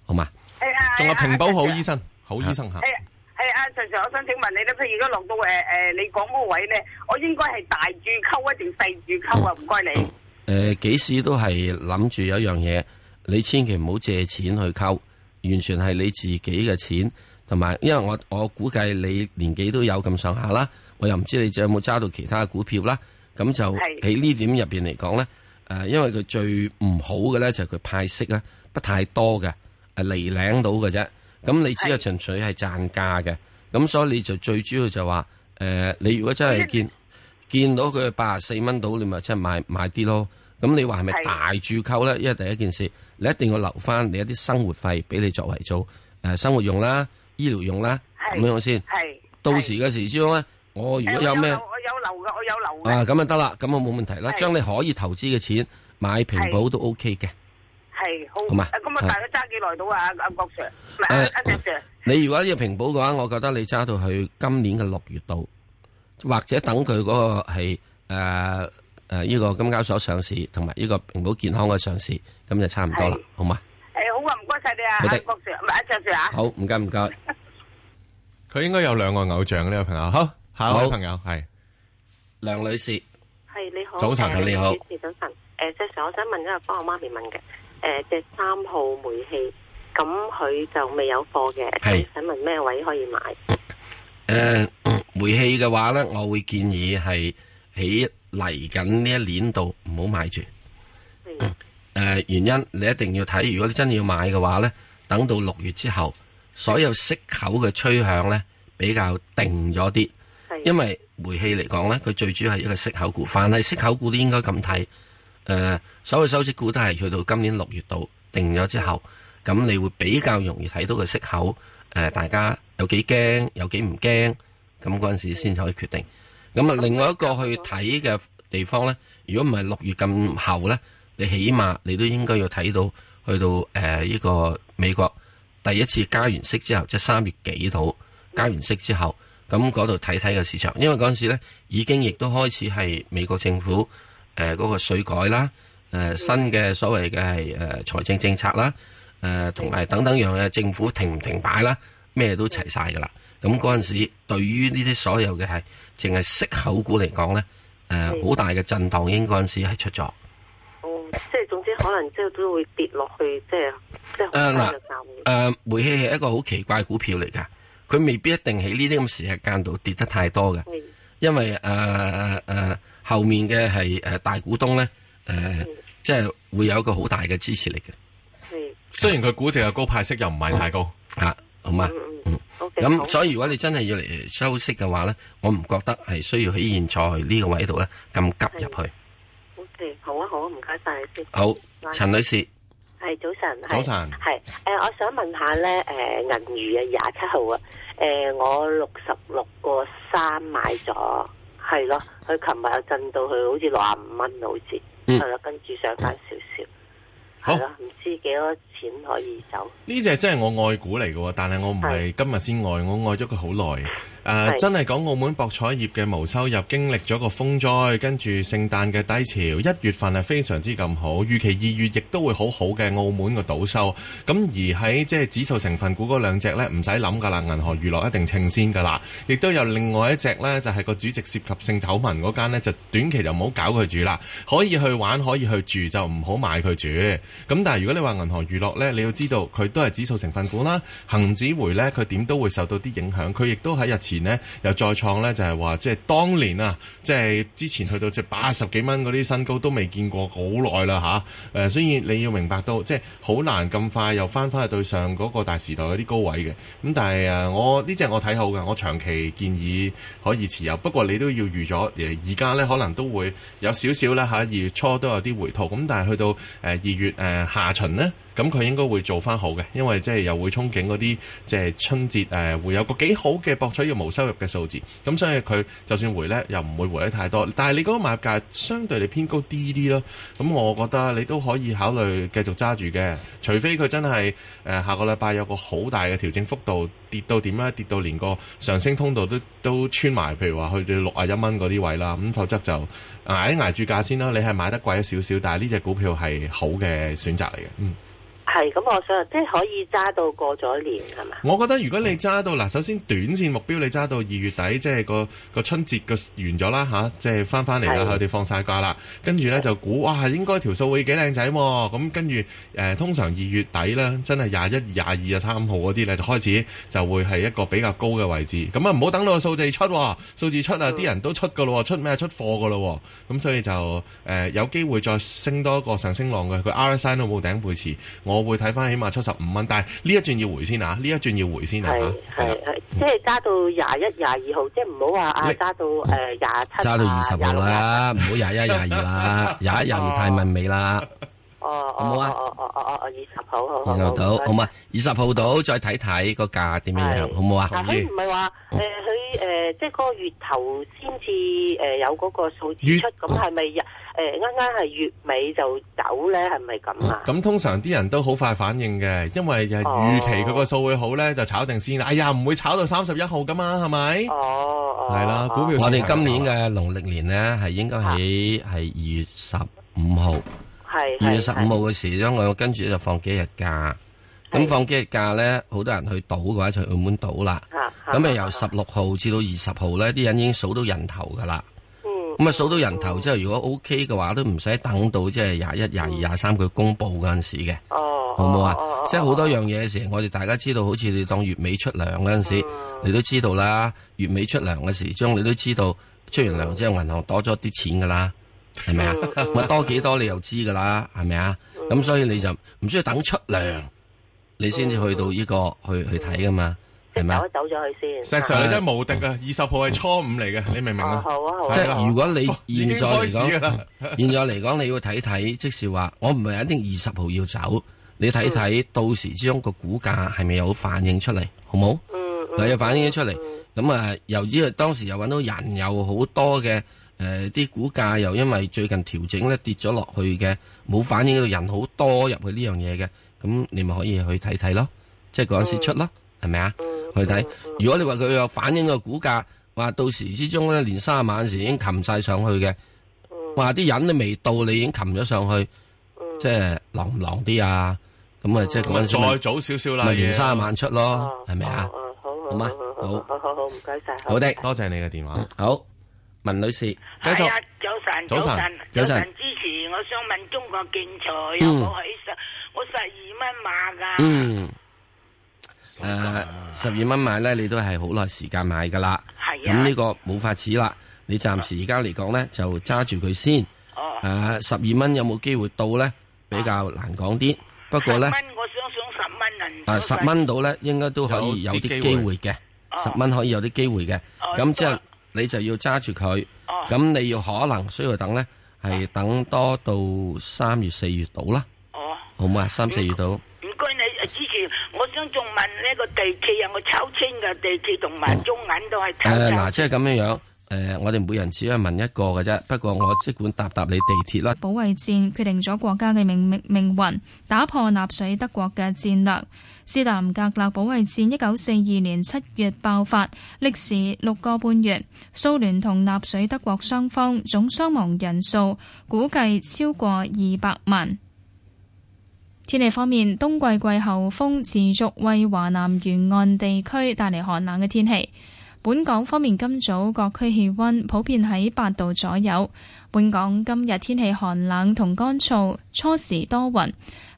好嘛？係係仲有平保好醫生，好醫生吓。係係阿 Sir，Sir, 我想請問你咧，譬如果落到誒誒，uh, uh, 你講嗰位咧，我應該係大注溝啊定細注溝啊？唔該你。 誒，幾、呃、時都係諗住有一樣嘢，你千祈唔好借錢去溝，完全係你自己嘅錢，同埋，因為我我估計你年紀都有咁上下啦，我又唔知你有冇揸到其他嘅股票啦，咁就喺呢點入邊嚟講呢，誒、呃，因為佢最唔好嘅呢，就係、是、佢派息咧，不太多嘅，嚟、啊、領到嘅啫，咁你只有純粹係賺價嘅，咁所以你就最主要就話，誒、呃，你如果真係見。嗯見到佢八十四蚊到，你咪即係買買啲咯。咁你話係咪大住溝咧？因為第一件事，你一定要留翻你一啲生活費俾你作為做誒生活用啦、醫療用啦，咁樣先。係到時嘅時鐘咧，我如果有咩，我有留噶，我有留。啊，咁啊得啦，咁我冇問題啦。將你可以投資嘅錢買平保都 OK 嘅。係好。咁啊，大概揸幾耐到啊？阿阿郭 sir，sir，你如果要平保嘅話，我覺得你揸到去今年嘅六月度。或者等佢嗰個係誒誒呢個金交所上市，同埋呢個平保健康嘅上市，咁就差唔多啦，好嘛？誒，好啊，唔該晒你啊，阿木 Sir，唔係阿 Joseph 啊。好，唔該，唔該。佢應該有兩個偶像呢個朋友，好，好，朋友係梁女士。係你好，早晨，你好，女士，早晨。誒，Joseph，我想問一下，幫我媽咪問嘅，誒，隻三號煤氣，咁佢就未有貨嘅，係你想問咩位可以買？誒。煤氣嘅話呢，我會建議係喺嚟緊呢一年度唔好買住。誒的、嗯呃，原因你一定要睇。如果你真要買嘅話呢，等到六月之後，所有息口嘅趨向呢比較定咗啲。的因為煤氣嚟講呢，佢最主要係一個息口股，凡係息口股都應該咁睇。誒、呃，所有收息股都係去到今年六月度定咗之後，咁你會比較容易睇到個息口。誒、呃，大家有幾驚，有幾唔驚？咁嗰陣時先可以決定。咁啊，另外一個去睇嘅地方呢，如果唔係六月咁後呢，你起碼你都應該要睇到去到誒呢、呃、個美國第一次加完息之後，即係三月幾度加完息之後，咁嗰度睇睇個市場，因為嗰陣時呢已經亦都開始係美國政府誒嗰、呃那個稅改啦，誒、呃、新嘅所謂嘅係誒財政政策啦，誒同埋等等樣嘅政府停唔停擺啦，咩都齊晒噶啦。咁嗰陣時，對於呢啲所有嘅係淨係息口股嚟講咧，誒的，好、呃、大嘅震蕩，應該陣時係出咗。哦，即係總之可能即係都會跌落去，呃、即係即係好誒，煤氣係一個好奇怪股票嚟㗎，佢未必一定喺呢啲咁時間度跌得太多嘅。的因為誒誒誒，後面嘅係誒大股東咧，誒、呃的呃，即係會有一個好大嘅支持力嘅。係的，雖然佢估值又高派息又唔係太高，吓、嗯，好嘛、嗯？嗯嗯嗯，咁所以如果你真係要嚟收息嘅話咧，我唔覺得係需要喺現在呢個位度咧咁急入去。O、okay, K，好啊，好啊，唔該晒你先。好，陳女士。係早晨。早晨。係誒晨、呃，我想問下咧，誒銀娛啊，廿七號啊，誒、呃、我六十六個三買咗，係咯，佢琴日又震到佢好似六十五蚊好似，係啦，嗯、跟住上翻少少，好，咯，唔知幾多。錢可以走，呢隻真係我愛股嚟嘅，但係我唔係今日先愛，我愛咗佢好耐。誒、呃，是真係講澳門博彩業嘅無收入，經歷咗個風災，跟住聖誕嘅低潮，一月份係非常之咁好，預期二月亦都會好好嘅澳門個賭收。咁而喺即係指數成分股嗰兩隻呢，唔使諗噶啦，銀河娛樂一定稱先噶啦，亦都有另外一隻呢，就係、是、個主席涉及性醜聞嗰間呢，就短期就唔好搞佢住啦，可以去玩可以去住，就唔好買佢住。咁但係如果你話銀河娛樂。咧你要知道佢都係指數成分股啦，恒指回呢，佢點都會受到啲影響，佢亦都喺日前呢，又再創呢，就係話即係當年啊，即係之前去到即係八十幾蚊嗰啲新高都未見過好耐啦吓，誒，所以你要明白到即係好難咁快又翻翻去對上嗰個大時代嗰啲高位嘅，咁但係啊我呢隻我睇好嘅，我長期建議可以持有，不過你都要預咗誒而家呢，可能都會有少少啦嚇，二月初都有啲回吐，咁但係去到誒二月誒下旬呢。咁。佢應該會做翻好嘅，因為即係又會憧憬嗰啲，即、就、係、是、春節誒、呃，會有個幾好嘅博取，要無收入嘅數字。咁、嗯、所以佢就算回呢，又唔會回得太多。但係你嗰個買價相對嚟偏高啲啲咯。咁、嗯、我覺得你都可以考慮繼續揸住嘅，除非佢真係誒、呃、下個禮拜有個好大嘅調整幅度，跌到點啊？跌到連個上升通道都都穿埋，譬如話去到六啊一蚊嗰啲位啦。咁、嗯、否則就捱、呃、捱住價先啦。你係買得貴一少少，但係呢隻股票係好嘅選擇嚟嘅，嗯。係咁，我想即係可以揸到過咗年係嘛？我覺得如果你揸到嗱，嗯、首先短線目標你揸到二月底，即係個個春節個完咗啦嚇，即係翻翻嚟啦，佢、就、哋、是、的放曬假啦，跟住咧就估的哇，應該條數會幾靚仔喎！咁、啊、跟住誒、呃，通常二月底咧，真係廿一、廿二啊、三號嗰啲咧就開始就會係一個比較高嘅位置。咁啊，唔好等到個數字出，啊、數字出啊，啲、嗯、人都出㗎咯，出咩出貨㗎咯，咁、啊、所以就誒、呃、有機會再升多一個上升浪嘅，佢 RSI 都冇頂背馳我。會睇翻起碼七十五蚊，但係呢一轉要回先啊！呢一轉要回先啊！係係，即係加到廿一、廿二號，即係唔好話啊加你到誒廿七、廿八、廿九啦，唔好廿一、廿二啦，廿一、 廿二 太問味啦。 哦，好啊，哦哦哦哦哦，二十號，二十號好嘛？二十號到再睇睇個價點樣樣，好唔好啊？佢唔係話誒，佢誒，即係個月頭先至誒有嗰個數字出，咁係咪日誒啱啱係月尾就走咧？係咪咁啊？咁通常啲人都好快反應嘅，因為預期佢個數會好咧，就炒定先。哎呀，唔會炒到三十一號噶嘛，係咪？哦，係啦，股票，我哋今年嘅農曆年咧係應該喺係二月十五號。二月十五號嘅時，咁我跟住就放幾日假，咁放幾日假咧，好多人去賭嘅話，就去澳門賭啦，咁啊由十六號至到二十號咧，啲人已經數到人頭噶啦，咁啊數到人頭之後，如果 O K 嘅話，都唔使等到即係廿一、廿二、廿三佢公布嗰陣時嘅，好唔好啊？即係好多樣嘢嘅時，我哋大家知道，好似你當月尾出糧嗰陣時，你都知道啦，月尾出糧嘅時，將你都知道出完糧之後，銀行多咗啲錢噶啦。係咪啊？咪多幾多你又知噶啦，係咪啊？咁所以你就唔需要等出糧，你先至去到呢個去去睇噶嘛？即係走走咗去先。石上你真係無敵啊！二十號係初五嚟嘅，你明唔明啊？好啊好啊！即係如果你現在嚟講，現在嚟講你要睇睇，即是話我唔係一定二十號要走，你睇睇到時之中個股價係咪有反映出嚟？好冇？嗯嗯。有反映出嚟，咁啊，由於當時又搵到人有好多嘅。誒，啲股價又因為最近調整咧跌咗落去嘅，冇反應到人好多入去呢樣嘢嘅，咁你咪可以去睇睇咯，即係嗰陣時出咯，係咪啊？去睇。如果你話佢有反應嘅股價，話到時之中咧連三十萬時已經擒晒上去嘅，話啲人都未到，你已經擒咗上去，即係浪唔浪啲啊？咁啊，即係咁樣再早少少啦，而連三十萬出咯，係咪啊？好，好好好好好，唔該晒。好的，多謝你嘅電話，好。文女士，係啊，早晨，早晨，早晨。之前，我想問中國建材有冇起上？我十二蚊買噶。嗯，誒，十二蚊買咧，你都係好耐時間買噶啦。係啊。咁呢個冇法子啦，你暫時而家嚟講咧，就揸住佢先。哦。誒，十二蚊有冇機會到咧？比較難講啲。不過咧，蚊我想想十蚊銀。誒，十蚊到咧，應該都可以有啲機會嘅。十蚊可以有啲機會嘅。咁即係。你就要揸住佢，咁、哦、你要可能需要等咧，係等多到三月四月到啦。哦、好唔好啊？三四月到。唔該、嗯、你之前我，我想仲問呢個地鐵有冇炒清嘅地鐵同埋中銀都係抽。誒嗱、嗯呃呃，即係咁樣樣。誒、呃，我哋每人只係問一個嘅啫。不過我即管答答你地鐵啦。保衛戰決定咗國家嘅命命命運，打破納粹德國嘅戰略。斯大林格勒保衛戰一九四二年七月爆發，歷時六個半月，蘇聯同納粹德國雙方總傷亡人數估計超過二百萬。天氣方面，冬季季候風持續為華南沿岸地區帶嚟寒冷嘅天氣。本港方面，今早各區氣溫普遍喺八度左右。本港今日天氣寒冷同乾燥，初時多雲。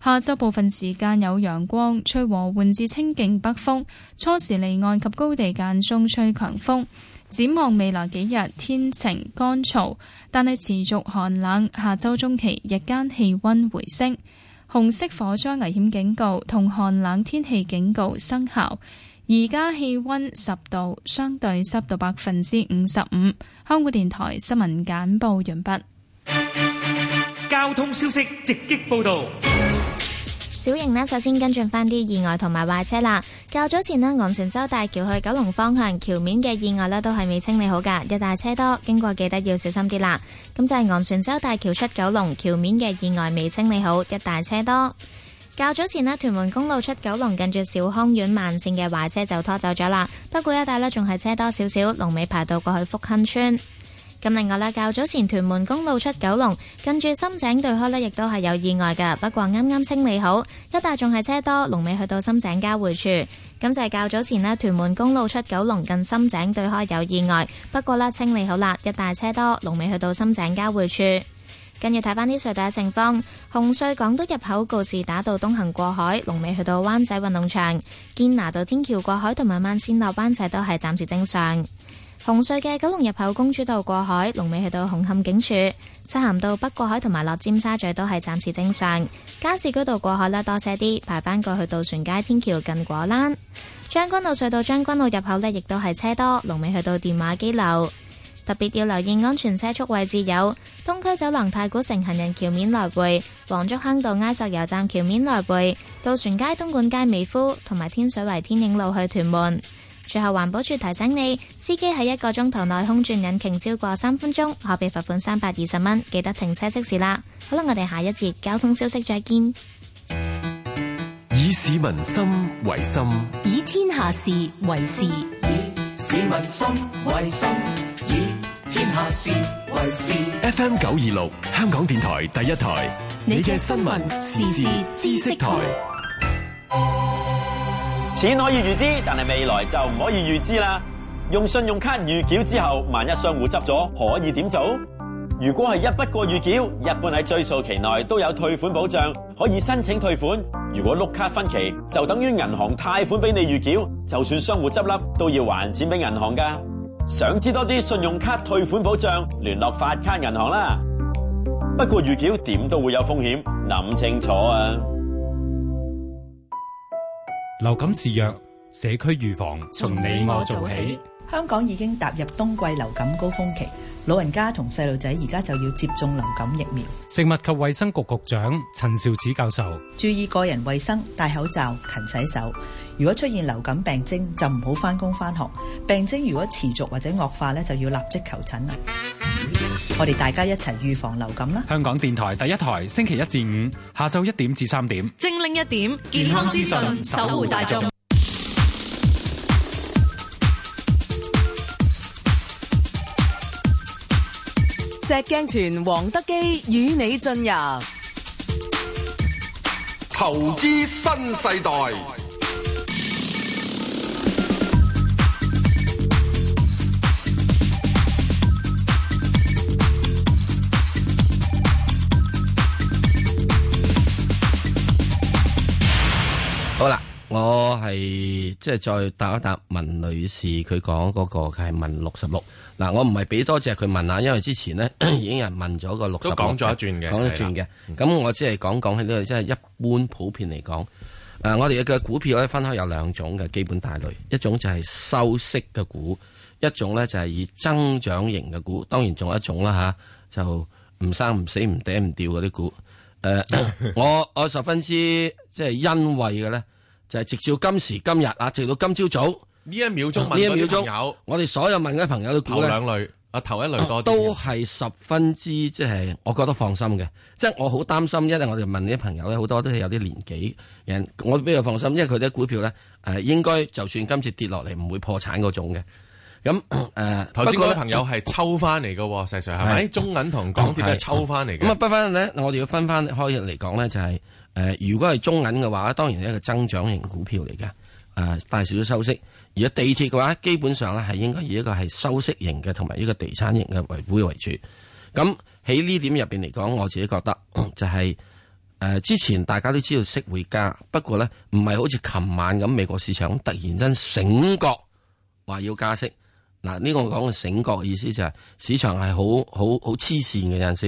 下周部分時間有陽光，吹和緩至清勁北風，初時離岸及高地間中吹強風。展望未來幾日，天晴乾燥，但係持續寒冷。下周中期日間氣温回升。紅色火災危險警告同寒冷天氣警告生效。而家氣温十度，相對濕度百分之五十五。香港電台新聞簡報完畢。交通消息直擊報道。小型呢，首先跟進翻啲意外同埋壞車啦。較早前呢，昂船洲大橋去九龍方向橋面嘅意外呢，都係未清理好噶，一大車多經過，記得要小心啲啦。咁就係昂船洲大橋出九龍橋面嘅意外未清理好，一大車多。較早前呢，屯門公路出九龍近住小康苑慢綫嘅壞車就拖走咗啦。不過一帶呢，仲係車多少少，龍尾排到過去福亨村。咁另外啦，較早前屯門公路出九龍，近住深井對開呢亦都係有意外嘅，不過啱啱清理好，一帶仲係車多，龍尾去到深井交匯處。咁就係較早前呢，屯門公路出九龍，嗯就是，近深井對開有意外，不過啦，清理好啦，一帶車多，龍尾去到深井交匯處。跟住睇翻啲隧道嘅情況，紅隧港島入口告士打道東行過海，龍尾去到灣仔運動場，堅拿道天橋過海同埋慢線落灣仔都係暫時正常。紅隧嘅九龍入口公主道過海，龍尾去到紅磡警署，漆咸道北過海同埋落尖沙咀都係暫時正常。加士居道過海咧多車啲，排班過去渡船街天橋近果欄。將軍澳隧道將軍澳入口呢，亦都係車多，龍尾去到電話機樓。特別要留意安全車速位置有：東區走廊、太古城行人橋面來回、黃竹坑道埃索油站橋面來回、渡船街、東莞街、美孚同埋天水圍天影路去屯門。最後，環保署提醒你，司機喺一個鐘頭內空轉引擎超過三分鐘，可被罰款三百二十蚊。記得停車熄匙啦！好啦，我哋下一節交通消息再見。以市民心為心，以天下事為事。以市民心為心，以天下事為事。F M 九二六，香港電台第一台，你嘅新聞時事知識台。錢可以預支，但係未來就唔可以預支啦。用信用卡預繳之後，萬一商戶執咗，可以點做？如果係一筆過預繳，一般喺追訴期內都有退款保障，可以申請退款。如果碌卡分期，就等於銀行貸款俾你預繳，就算商戶執笠都要還錢俾銀行噶。想知多啲信用卡退款保障，聯絡發卡銀行啦。不過預繳點都會有風險，諗清楚啊！流感是藥，社區預防從你我做起。香港已經踏入冬季流感高峰期，老人家同細路仔而家就要接種流感疫苗。食物及衛生局局長陳肇始教授，注意個人衛生，戴口罩，勤洗手。如果出現流感病徵，就唔好返工返學。病徵如果持續或者惡化，呢就要立即求診啦。 我哋大家一齊預防流感啦！香港電台第一台，星期一至五下晝一點至三點，精靈一點健康資訊，守護大眾。石鏡泉黃德幾與你進入投資新世代。我係即係再答一答，文女士佢講嗰個係問六十六嗱，我唔係俾多謝佢問啊，因為之前呢 已經有人問咗個六十六，都講咗一轉嘅，講一轉嘅。咁的我只係講講喺呢度，即、就、係、是、一般普遍嚟講。誒、啊，我哋嘅股票咧分開有兩種嘅基本大類，一種就係收息嘅股，一種咧就係以增長型嘅股。當然仲有一種啦吓、啊，就唔生唔死唔頂唔掉嗰啲股。誒、啊， 我我十分之即係欣慰嘅咧。就係直至到今時今日啊，直到今朝早呢一秒鐘，呢、嗯、一秒鐘有我哋所有問嘅朋友都估咧，頭兩類啊，頭一類多啲都係十分之即係、就是，我覺得放心嘅。即、就、係、是、我好擔心，因為我哋問呢啲朋友咧，好多都係有啲年紀人，我比較放心，因為佢哋股票咧，誒、呃、應該就算今次跌落嚟唔會破產嗰種嘅。咁、嗯、誒，頭先嗰位朋友係抽翻嚟嘅，細 Sir 係咪？中銀同港鐵係抽翻嚟嘅。咁啊、呃，不翻咧，我哋要分翻開嚟講咧，就係、是。就是誒、呃，如果係中銀嘅話，當然係一個增長型股票嚟嘅，誒、呃，帶少少收息；而家地鐵嘅話，基本上咧係應該以一個係收息型嘅，同埋呢個地產型嘅為、為主。咁喺呢點入邊嚟講，我自己覺得就係、是、誒、呃，之前大家都知道息會加，不過咧唔係好似琴晚咁，美國市場突然間醒覺話要加息。嗱、呃、呢、這個我講嘅醒覺意思就係市場係好好好黐線嘅，有陣時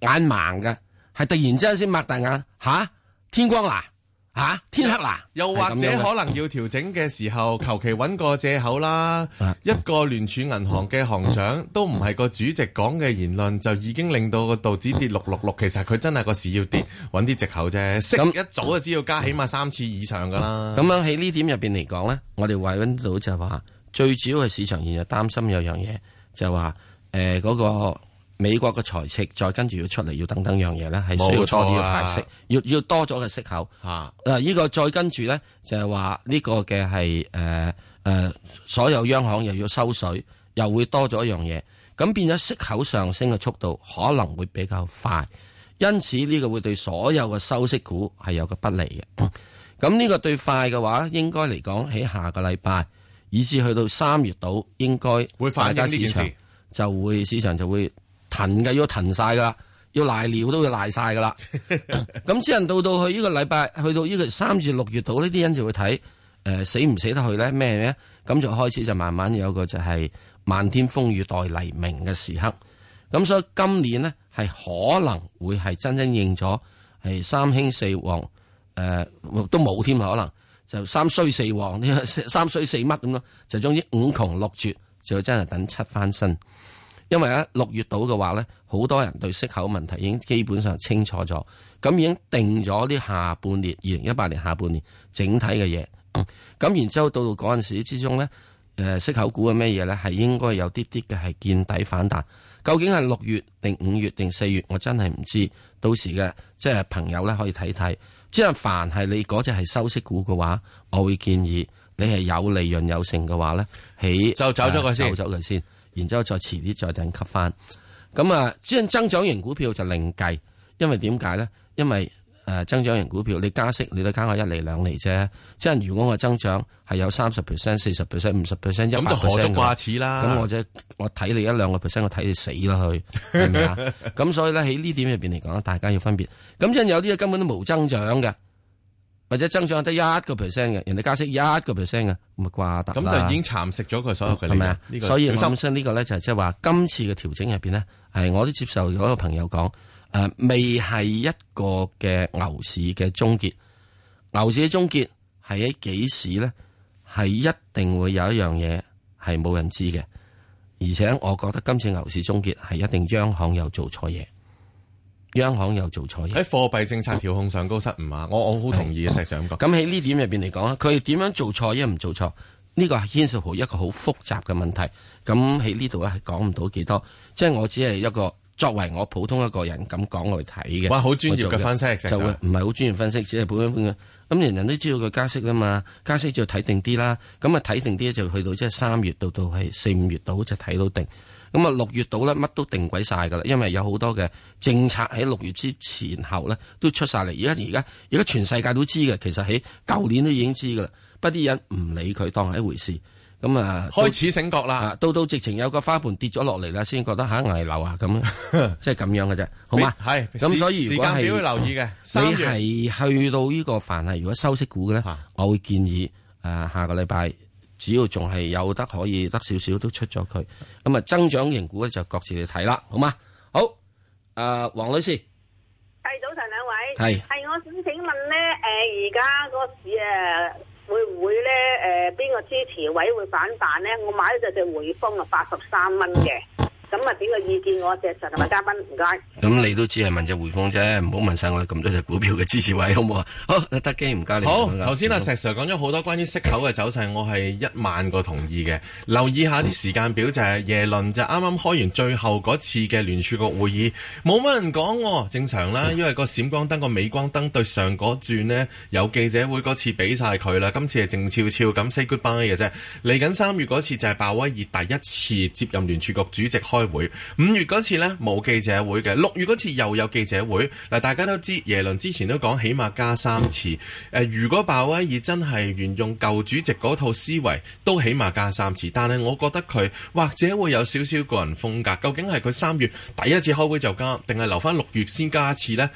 眼、眼盲嘅。係突然之間先擘大眼、啊，吓天光啦，吓、啊、天黑啦， 又或者可能要調整嘅時候，求其搵個借口啦。 一個聯儲銀行嘅行長都唔係個主席講嘅言論， 就已經令到個道指跌六六六。其實佢真係個市要跌，搵啲借口啫。咁、嗯、一早就知道加起碼三次以上噶啦。咁樣喺呢點入邊嚟講咧，我哋話搵到就話，最主要嘅市場現在擔心有樣嘢，就話、是、誒嗰、那個。美國嘅財赤再跟住要出嚟，要等等樣嘢咧，係需要多啲嘅派息，要要多咗嘅息口嚇。嗱、啊啊，依、這個再跟住咧，就係話呢個嘅係誒誒，所有央行又要收水，又會多咗一樣嘢，咁變咗息口上升嘅速度可能會比較快，因此呢個會對所有嘅收息股係有個不利嘅。咁呢、啊、個對快嘅話，應該嚟講喺下個禮拜，以至去到三月度，應該會快。反映呢件事，就會市場就會。騰嘅要騰晒噶啦，要賴尿都要賴晒噶啦。咁只能到到去呢個禮拜，去到呢個三至六月度呢啲人就會睇，誒、呃、死唔死得去咧？咩咩？咁就開始就慢慢有個就係漫天風雨待黎明嘅時刻。咁所以今年呢，係可能會係真真應咗，係三興四旺，誒都冇添可能就三衰四旺呢三衰四乜咁咯，就將啲五窮六絕就真係等七翻身。因為啊六月到嘅話咧，好多人對息口問題已經基本上清楚咗，咁已經定咗啲下半年二零一八年下半年整體嘅嘢。咁、嗯、然之後到到嗰陣時之中咧，誒息口股嘅咩嘢咧，係應該有啲啲嘅係見底反彈。究竟係六月定五月定四月，我真係唔知。到時嘅即係朋友咧可以睇睇。即係凡係你嗰隻係收息股嘅話，我會建議你係有利潤有剩嘅話咧，起就走咗個先。啊然之後再遲啲再等吸翻，咁啊，即係增長型股票就另計，因為點解咧？因為誒、呃、增長型股票你加息，你都加我一厘兩厘啫。即係如果我增長係有三十 percent、四十 percent、五十 percent，咁就何足掛齒啦？咁或者我睇你一兩個 percent，我睇你死啦佢，係咪啊？咁 所以咧喺呢點入邊嚟講，大家要分別。咁即係有啲嘢根本都冇增長嘅。或者增長得一個 percent 嘅，人哋加息一、嗯，個 percent 嘅，咪瓜達。咁就已經蠶食咗佢所有嗰啲。係咪啊？呢個所以深信呢個咧，就係即係話今次嘅調整入邊呢，係我都接受咗一個朋友講，誒、呃，未係一個嘅牛市嘅終結。牛市嘅終結係喺幾時呢？係一定會有一樣嘢係冇人知嘅。而且我覺得今次牛市終結係一定央行又做錯嘢。央行又做錯嘢，喺貨幣政策調控上高失誤啊！我我好同意啊，石生講。咁喺呢點入邊嚟講啊，佢點樣做錯一唔做錯？呢、呢個係牽涉到一個好複雜嘅問題。咁喺呢度咧係講唔到幾多，即係我只係一個作為我普通一個人咁講嚟睇嘅。哇，好專業嘅分析，就會唔係好專業分析，嗯、只係普通嘅。咁人人都知道佢加息啦嘛，加息就睇定啲啦。咁啊睇定啲就去到即係三月到到係四五月度就睇到定。咁啊，六月到咧，乜都定鬼晒噶啦，因為有好多嘅政策喺六月之前後咧都出晒嚟。而家而家而家全世界都知嘅，其實喺舊年都已經知噶啦，不啲人唔理佢當係一回事。咁、嗯、啊，開始醒覺啦、啊，到到直情有個花盆跌咗落嚟啦，先覺得吓危樓啊咁，即係咁樣嘅啫， 好嘛？係。咁所以如果係時間表去留意嘅、哦，你係去到呢、呢個凡係如果收息股嘅咧，的我會建議誒、呃、下個禮拜。只要仲係有得可以得少少都出咗佢，咁啊、嗯、增長型股咧就各自嚟睇啦，好嘛？好，誒、呃，黃女士，係早晨兩位，係是，係我想請問咧，誒、呃，而家個市啊會唔會咧誒邊個支持位會反彈咧？我買咗隻隻匯豐啊，八十三蚊嘅。嗯咁啊，俾個意見我，石 Sir 同埋嘉賓，唔該。咁你都只係問隻匯豐啫，唔好問晒我咁多隻股票嘅支持位，好唔好啊？好，德幾唔該你。好，頭先阿石 Sir 講咗好多關於息口嘅走勢，我係一萬個同意嘅。留意下啲時間表就係耶倫就啱啱開完最後嗰次嘅聯儲局會議，冇乜人講喎，正常啦，因為個閃光燈、個美光燈對上嗰轉呢，有記者會嗰次俾晒佢啦，今次係靜悄悄咁 say goodbye 嘅啫。嚟緊三月嗰次就係鮑威爾第一次接任聯儲局主席開開會五月嗰次呢，冇記者會嘅，六月嗰次又有記者會。嗱，大家都知耶倫之前都講起碼加三次。誒、呃，如果鮑威爾真係沿用舊主席嗰套思維，都起碼加三次。但係我覺得佢或者會有少少個人風格。究竟係佢三月第一次開會就加，定係留翻六月先加一次呢？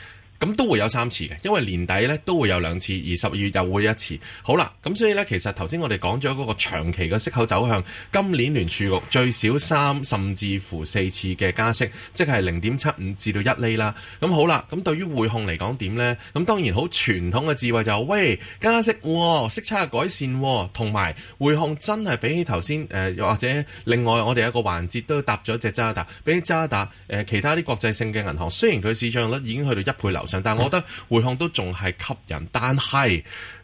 咁都會有三次嘅，因為年底呢都會有兩次，而十二月又會一次。好啦，咁所以呢，其實頭先我哋講咗嗰個長期嘅息口走向，今年聯儲局最少三甚至乎四次嘅加息，即係零點七五至到一厘啦。咁好啦，咁對於匯控嚟講點呢？咁當然好傳統嘅智慧就係、喂加息、喎，息差改善、喎，同埋匯控真係比起頭先又或者另外我哋有個環節都搭咗隻渣打，比起渣打誒其他啲國際性嘅銀行，雖然佢市場率已經去到一倍流。但係，我覺得回向都仲係吸引，但係。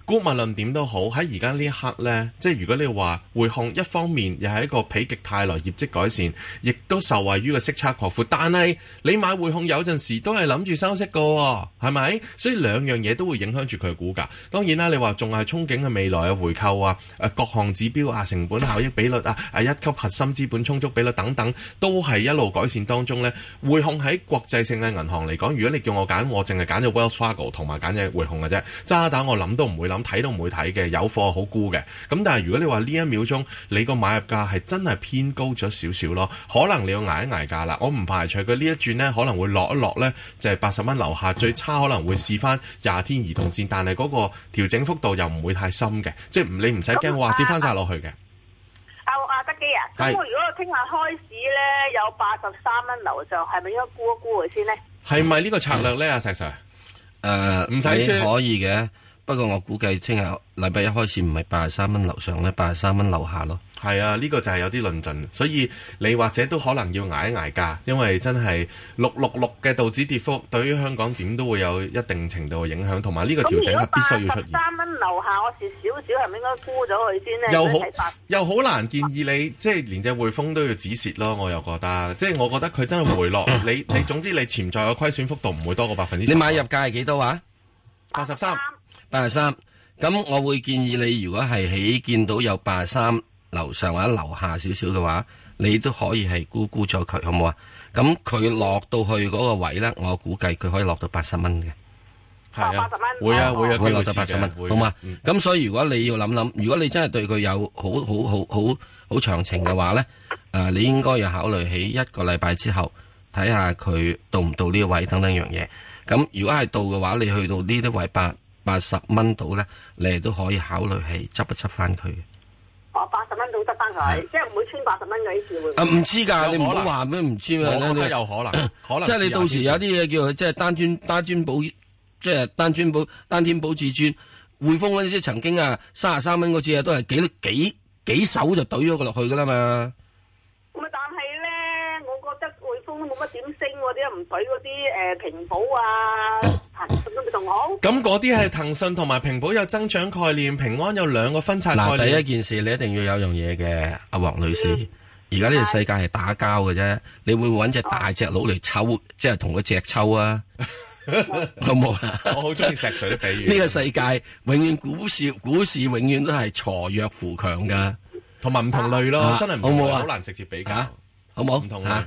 姑勿論點都好，喺而家呢一刻呢，即係如果你話匯控，一方面又係一個否極泰來業績改善，亦都受惠於個息差擴闊。但係你買匯控有陣時都係諗住收息個喎、哦，係咪？所以兩樣嘢都會影響住佢嘅股價。當然啦、啊，你話仲係憧憬嘅未來嘅回購啊，各項指標啊、成本效益比率啊、啊一級核心資本充足比率等等，都係一路改善當中呢，匯控喺國際性嘅銀行嚟講，如果你叫我揀，我淨係揀咗 Wells Fargo 同埋揀隻匯控嘅啫，渣打我諗都唔會諗。睇都唔會睇嘅，有貨好沽嘅。咁但係如果你話呢一秒鐘你個買入價係真係偏高咗少少咯，可能你要挨一挨價啦。我唔排除佢呢一轉呢可能會落一落呢，就係八十蚊樓下，最差可能會試翻廿天移動線，但係嗰個調整幅度又唔會太深嘅，嗯、即係你唔使驚話跌翻晒落去嘅。阿、啊啊、德基啊，咁是我如果聽日開市呢，有八十三蚊樓上，係咪要估一估佢先呢？係咪呢個策略呢？阿的、啊、石 Sir？唔使算可以嘅。不過我估計聽日禮拜一開始唔係八十三蚊樓上咧，八十三蚊樓下咯。係啊，呢個就係有啲論盡，所以你或者都可能要挨一挨價，因為真係六六六嘅道指跌幅，對於香港點都會有一定程度嘅影響，同埋呢個調整係必須要出現。如果八十三蚊樓下，我蝕少少係咪應該沽咗佢先呢？又好又好難建議你，啊、即係連隻匯豐都要止蝕咯。我又覺得，即係我覺得佢真係回落。啊、你你總之你潛在嘅虧損幅度唔會多過百分之十。你買入價係幾多啊？八十三。八十三，咁我會建議你，如果係起見到有八十三樓上或者樓下少少嘅話，你都可以係沽沽咗佢，好唔好啊？咁佢落到去嗰個位呢，我估計佢可以落到八十蚊嘅，係啊，會啊，會落、啊啊、到八十蚊，的好嘛？咁、嗯、所以如果你要諗諗，如果你真係對佢有好好好好好長情嘅話呢，誒、啊，你應該要考慮起一個禮拜之後睇下佢到唔到呢個位等等樣嘢。咁、嗯嗯、如果係到嘅話，你去到呢啲位八。嗯嗯八十蚊到咧，你哋都可以考慮係執一執翻佢？哦，八十蚊到得翻佢，的即係唔會穿八十蚊嘅呢次會。啊，唔知噶，你唔好話咩唔知咩咧。我覺得有可能，即係你到時有啲嘢叫佢即係單磚單磚保，即係單磚保單天保至尊，尊尊尊尊尊尊寶寶匯豐嗰次曾經啊，三十三蚊嗰次啊，都係幾幾幾手就懟咗佢落去噶啦嘛。咁啊，但係咧，我覺得匯豐冇乜點升，點解唔懟嗰啲誒平保啊？啊 咁嗰啲係騰訊同埋蘋果有增長概念，平安有兩個分拆概念。嗱，第一件事你一定要有樣嘢嘅，阿黃女士。而家呢個世界係打交嘅啫，你會揾隻大隻佬嚟抽，即係同佢隻抽啊？ 好冇啊！我好中意石水比喻。呢 個世界永遠股市股市永遠都係鋤弱扶強噶，同埋唔同類咯。真係唔同啊！好難直接比較，好冇唔同啊！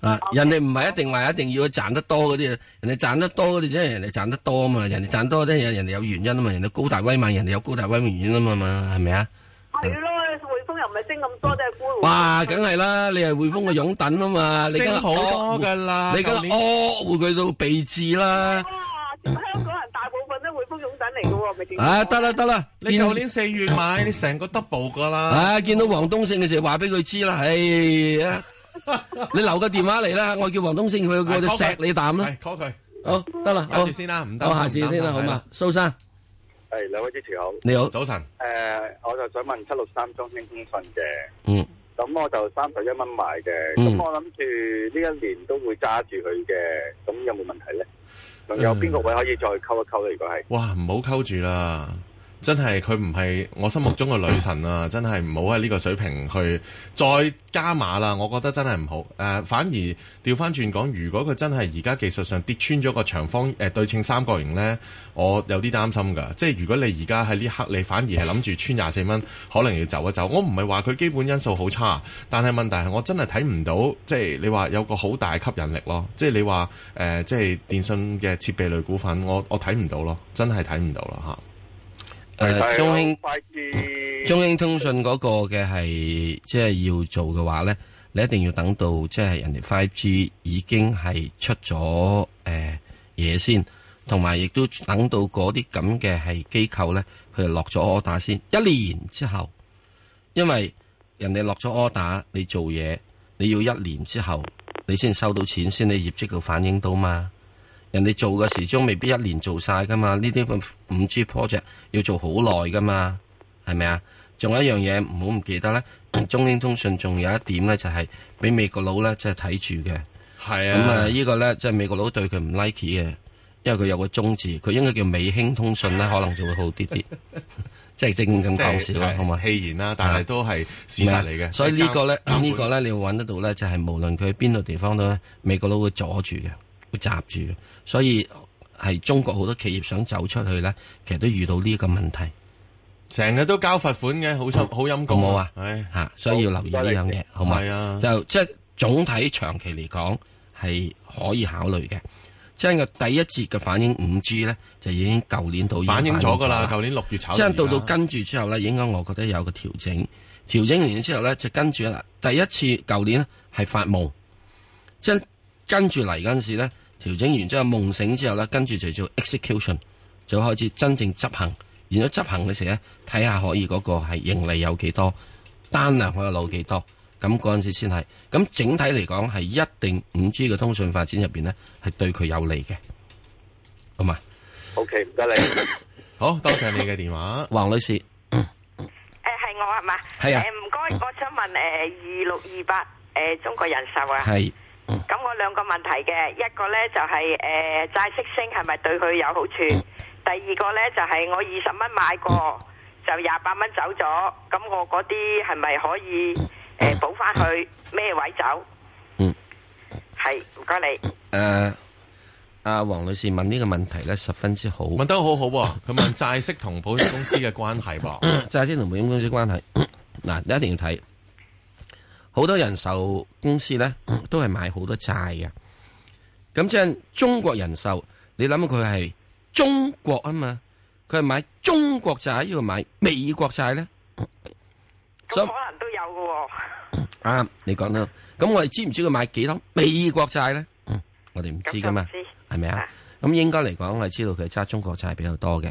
啊！人哋唔係一定話一定要去賺得多嗰啲啊，人哋賺得多嗰啲即係人哋賺得多啊嘛，人哋賺多啲人，人哋有原因啊嘛，人哋高大威猛，人哋有高大威猛原因啊嘛嘛，係咪啊？係咯，匯豐又唔係升咁多，即係沽。哇，梗係啦，你係匯豐個擁躉啊嘛，升好多噶啦，你今年哦，回歸到備註啦。哇，香港人大部分都匯豐擁躉嚟噶喎，咪正。啊，得啦得啦，你舊年四月買，你成個 double 噶啦。啊，見到黃東勝嘅時候，話俾佢知啦，唉。你留個電話嚟啦，我叫黃東升，佢，我就錫你啖啦，call 佢好得啦，掛住先啦，唔得我下次先啦，好嘛？蘇生係兩位支持好，你好早晨，誒，我就想問七六三中興通訊嘅，嗯，咁我就三十一蚊買嘅，咁我諗住呢一年都會揸住佢嘅，咁有冇問題咧？仲有邊個位可以再溝一溝咧？如果係哇，唔好溝住啦。真係佢唔係我心目中嘅女神啊！真係唔好喺呢個水平去再加碼啦。我覺得真係唔好誒、呃，反而調翻轉講，如果佢真係而家技術上跌穿咗個長方誒、呃、對稱三角形呢，我有啲擔心㗎。即係如果你而家喺呢刻，你反而係諗住穿廿四蚊，可能要走一走。我唔係話佢基本因素好差，但係問題係我真係睇唔到，即係你話有個好大吸引力咯。即係你話誒、呃，即係電信嘅設備類股份，我我睇唔到咯，真係睇唔到咯嚇。誒，中興 5 G 中興通訊嗰個嘅係，即係要做嘅話咧，你一定要等到即係人哋 5G 已經係出咗誒嘢先，同埋亦都等到嗰啲咁嘅係機構咧，佢就落咗 order 先，一年之後，因為人哋落咗 order，你做嘢你要一年之後，你先收到錢，先你業績度反映到嘛。人哋做嘅時鐘未必一年做晒噶嘛，呢啲五五 G project 要做好耐噶嘛，係咪啊？仲有一樣嘢唔好唔記得咧，中興通訊仲有一點咧就係俾美國佬咧即係睇住嘅。係、就是、啊。咁啊、嗯，依、這個咧即係美國佬對佢唔 like 嘅，因為佢有個中字，佢應該叫美興通訊啦， 可能就會好啲啲。 即係正正講笑，啦是，同埋戲言啦，嗎但係都係事實嚟嘅、啊。所以個呢個咧，這個、呢個咧，你揾得到咧，就係無論佢邊度地方都，美國佬會阻住嘅，會閘住。所以係中國好多企業想走出去咧，其實都遇到呢個問題，成日都交罰款嘅，嗯、好臭，好陰功冇啊！吓、哎，所以要留意呢、嗯、樣嘢，好唔好？是啊、就即係總體長期嚟講係可以考慮嘅。即係個第一節嘅反應五 G 咧，就已經舊年到反映咗噶啦。舊年六月炒，六月即係到到跟住之後咧，應該我覺得有個調整，調整完之後咧就跟住啦。第一次舊年咧係發夢，即係跟住嚟嗰陣時咧。調整完之後夢醒之後咧，跟住就做 execution，就開始真正執行。完咗執行嘅時候咧，睇下可以嗰個係盈利有幾多，單量可以攞幾多，咁嗰陣時先係。咁整體嚟講係一定五 G 嘅通訊發展入邊咧，係對佢有利嘅。好嘛，OK，唔該你， 好多謝你嘅電話，黃女士。誒，係、 呃、我係嘛？係啊。唔該、呃，我想問誒二六二八誒中國人壽啊。係。咁我兩個問題嘅，一個呢就係誒債息升係咪對佢有好處？第二個呢就係我二十蚊買過，嗯、就廿八蚊走咗，咁我嗰啲係咪可以誒補返去咩位走？嗯，係唔該你。誒、呃，阿黃女士問呢個問題呢十分之好，問得好好、啊。佢問債息同保險公司嘅關係噃、啊，債 息同保險公司關係嗱，你 一定要睇。好多人壽公司咧都係買好多債嘅，咁即係中國人壽，你諗佢係中國啊嘛，佢係買中國債，呢度買美國債咧，咁可能都有嘅喎、哦啊。你講得咁，我哋知唔知佢買幾多美國債咧？嗯，我哋唔知噶嘛，係咪啊？咁應該嚟講，我知道佢揸中國債比較多嘅，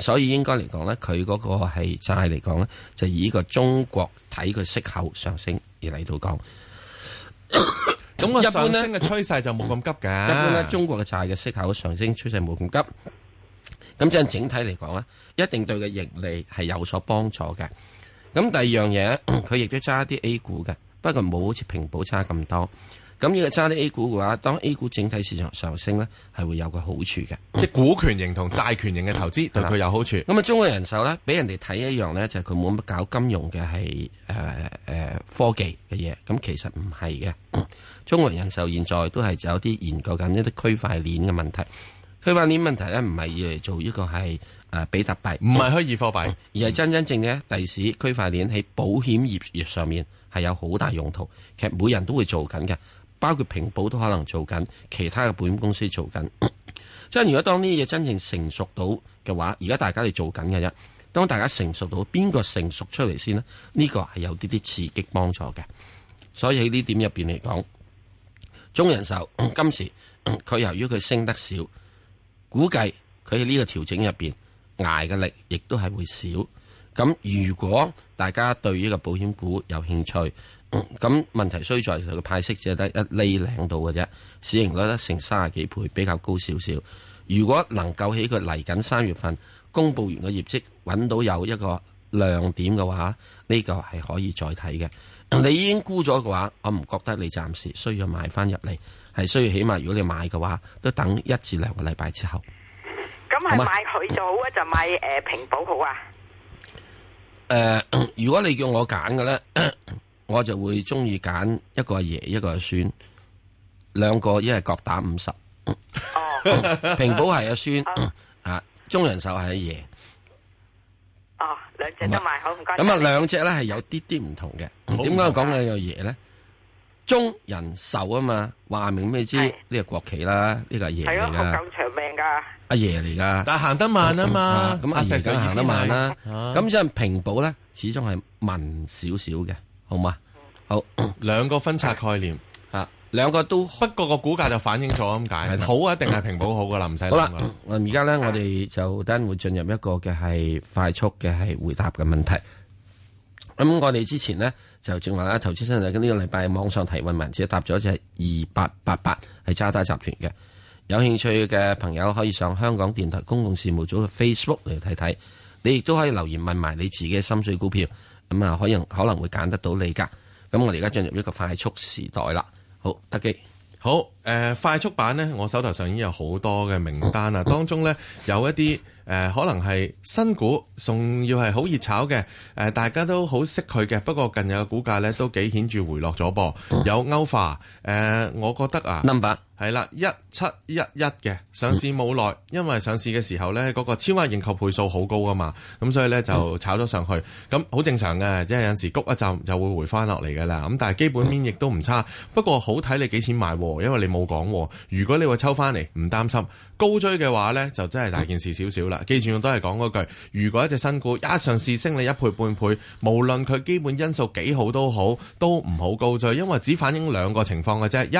所以應該嚟講呢佢嗰個係債嚟講呢就以呢個中國睇佢息口上升而嚟到講。咁 個上升嘅趨勢就冇咁急㗎。 一般咧， 中國嘅債嘅息口上升趨勢冇咁急。咁即係整體嚟講呢一定對嘅盈利係有所幫助嘅。咁第二樣嘢，佢亦都揸啲 A 股嘅，不過冇好似平保差咁多。咁要揸啲 A 股嘅話，當 A 股整體市場上升呢係會有個好處嘅， 即係股權型同債權型嘅投資對佢有好處。咁啊、嗯，嗯、中國人壽呢，俾人哋睇一樣呢，就係佢冇乜搞金融嘅，係誒誒科技嘅嘢。咁、嗯、其實唔係嘅，中國人壽現在都係有啲研究緊一啲區塊鏈嘅問題。區塊鏈問題呢，唔係要嚟做呢個係誒比特幣，唔係虛擬貨幣，而係真真正嘅第時區塊鏈喺保險業,業上面係有好大用途、嗯嗯嗯。其實每人都會,會做緊嘅。包括平保都可能做緊，其他嘅保險公司做緊， 即係如果當呢嘢真正成熟到嘅話，而家大家係做緊嘅啫，當大家成熟到，邊個成熟出嚟先咧？呢、呢個係有啲啲刺激幫助嘅。所以喺呢點入邊嚟講，中人壽今時佢由於佢升得少，估計佢喺呢個調整入邊挨嘅力亦都係會少。咁如果大家對呢個保險股有興趣，咁、嗯、問題衰在佢派息只係得一厘零度嘅啫，市盈率得成三十幾倍比較高少少。如果能夠喺佢嚟緊三月份公布完個業績，揾到有一個亮點嘅話，呢、這個係可以再睇嘅。 你已經沽咗嘅話，我唔覺得你暫時需要買翻入嚟，係需要起碼如果你買嘅話，都等一至兩個禮拜之後。咁係買佢好啊，就買誒、呃、平保好啊？誒、 呃，如果你叫我揀嘅咧？ 我就會中意揀一個阿爺，一個阿孫，兩個一係各打五十。平保係阿孫啊，中人壽係阿爺。哦，兩隻都賣，好唔該。咁啊，兩隻咧係有啲啲唔同嘅。點解講嘅係阿爺咧？中人壽啊嘛，話明咩？知呢個國企啦，呢個係爺嚟噶。係咯，更長命噶。阿爺嚟噶，但係行得慢啊嘛。咁阿爺梗行得慢啦。咁即係平保咧，始終係慢少少嘅。好嘛？好，兩個分拆概念啊，兩個都不過個股價就反映咗，咁解好啊？一定係平保好噶啦，唔使諗啦。而家、嗯、呢，我哋就等會進入一個嘅係快速嘅係回答嘅問題。咁、嗯、我哋之前呢，就正話啦，投資新世代嘅呢個禮拜網上提問文節答咗隻二八八八係渣打集團嘅，有興趣嘅朋友可以上香港電台公共事務組嘅 Facebook 嚟睇睇，你亦都可以留言問埋你自己嘅心水股票。咁啊、嗯，可能可能會揀得到你㗎。咁我哋而家進入一個快速時代啦。好，德幾，好。誒、呃、快速版呢，我手頭上已經有好多嘅名單啦，當中呢，有一啲誒、呃、可能係新股，仲要係好熱炒嘅，誒、呃、大家都好識佢嘅。不過近日嘅股價呢，都幾顯著回落咗噃。有歐化誒、呃，我覺得啊，number 係啦，一七一一嘅上市冇耐，因為上市嘅時候呢，嗰、那個超額認購倍數好高啊嘛，咁所以呢，就炒咗上去，咁好正常嘅，即係有陣時谷一陣就會回翻落嚟嘅啦。咁但係基本面亦都唔差，不過好睇你幾錢買，因為你冇講，如果你話抽翻嚟，唔擔心。高追嘅話呢，就真係大件事少少啦。記住，我都係講嗰句：如果一隻新股一上市升你一倍半倍，無論佢基本因素幾好都好，都唔好高追，因為只反映兩個情況嘅啫。一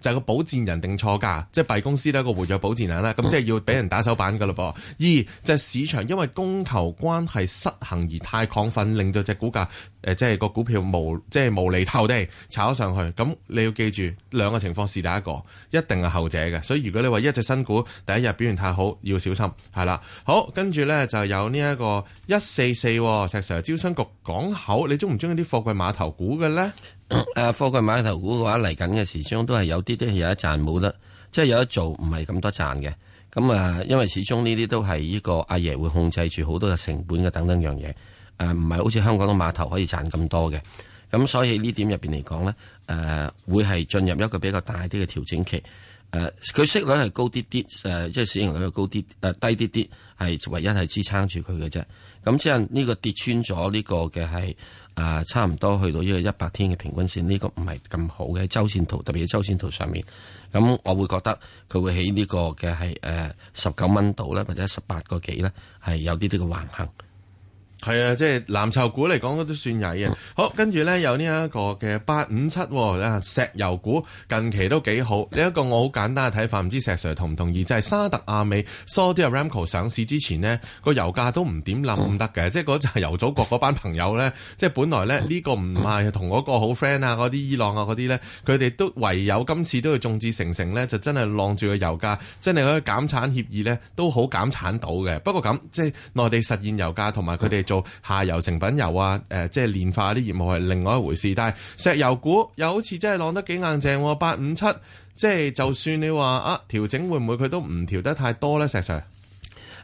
就係、是、個保薦人定錯價，即係弊公司咧個活躍保薦人咧，咁即係要俾人打手板噶嘞噃。嗯、二就係、是、市場因為供求關係失衡而太亢奮，令到隻股價誒，即係個股票無即係無厘頭地炒上去。咁你要記住兩個情況是第一個，一定係後者嘅。所以如果你話一隻新股，第一日表現太好，要小心，係啦。好，跟住咧就有呢一個一四四石 Sir 招商局港口，你鍾唔鍾意啲貨櫃碼頭股嘅咧？誒、 啊、貨櫃碼頭股嘅話，嚟緊嘅時鐘都係有啲啲係有得賺，冇得即係有得做，唔係咁多賺嘅。咁啊，因為始終呢啲都係呢個阿爺會控制住好多嘅成本嘅等等樣嘢。誒唔係好似香港嘅碼頭可以賺咁多嘅。咁所以呢點入邊嚟講咧，誒、啊、會係進入一個比較大啲嘅調整期。誒佢、啊、息率係高啲啲，誒、啊、即係市盈率又高啲，誒、啊、低啲啲係唯一係支撐住佢嘅啫。咁、嗯、即係呢個跌穿咗呢、這個嘅係啊差唔多去到呢個一百天嘅平均線，呢、這個唔係咁好嘅周線圖，特別係周線圖上面。咁、嗯、我會覺得佢會喺呢個嘅係誒十九蚊度咧，或者十八個幾咧，係有啲啲嘅橫行。係啊，即係藍籌股嚟講，都算矮啊。好，跟住咧有呢一個嘅八五七啊，石油股近期都幾好。呢一個我好簡單嘅睇法，唔知石 Sir 同唔同意？就係、是、沙特阿美 Saudi Aramco 上市之前呢個油價都唔點冧得嘅。嗯、即係嗰就係油祖國嗰班朋友呢。嗯、即係本來呢，呢、嗯、個唔係同嗰個好 friend 啊，嗰啲伊朗啊嗰啲呢。佢哋都唯有今次都要眾志成城呢，就真係浪住個油價，真係嗰個減產協議呢都好減產到嘅。不過咁即係內地實現油價同埋佢哋下游成品油啊，誒、呃，即係煉化啲業務係另外一回事，但係石油股又好似真係浪得幾硬淨，八五七，8, 5, 7, 即係就算你話啊調整會唔會佢都唔調得太多咧，石 Sir 誒、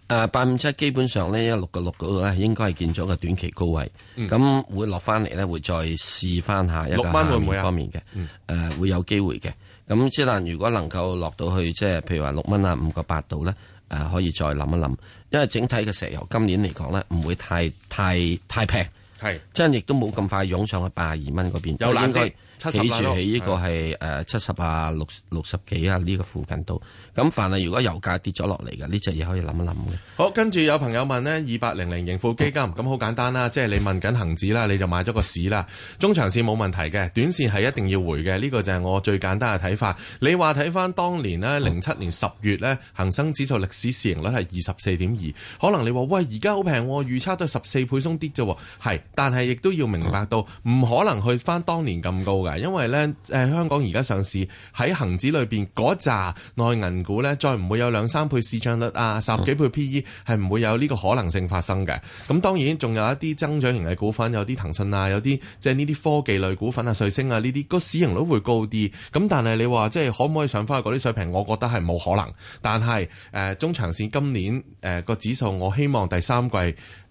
呃，八五七基本上咧一六個六度個咧，6, 6應該係見咗個短期高位，咁、嗯、會落翻嚟咧，會再試翻下一個下邊方面嘅，誒會、會、啊呃、會有機會嘅，咁即係如果能夠落到去即係譬如話六蚊啊五個八度咧。誒可以再諗一諗，因為整體嘅石油今年嚟講咧，唔會太、太、太平，係是，即係亦都冇咁快湧上去八十二蚊嗰邊。有難度。企住喺呢個係、誒七十啊六六十幾啊呢個附近度，咁凡係如果油價跌咗落嚟嘅，呢隻嘢可以諗一諗嘅。好，跟住有朋友問呢：「二八零零盈富基金，咁好簡單啦，即係你問緊恒指啦，你就買咗個市啦，中長線冇問題嘅，短線係一定要回嘅，呢個就係我最簡單嘅睇法。你話睇翻當年呢，零七年十月呢，恒生指數歷史市盈率係二十四點二，可能你話喂而家好平，預測都十四倍鬆跌啫，係，但係亦都要明白到唔可能去翻當年咁高嘅。因為咧，誒、呃、香港而家上市喺恒指裏邊嗰扎內銀股咧，再唔會有兩三倍市漲率啊，十幾倍 PE 係唔會有呢個可能性發生嘅。咁當然仲有一啲增長型嘅股份，有啲騰訊啊，有啲即係呢啲科技類股份啊，瑞星啊呢啲，個市盈率會高啲。咁但係你話即係可唔可以上翻去嗰啲水平，我覺得係冇可能。但係誒、呃、中長線今年誒個、呃、指數，我希望第三季，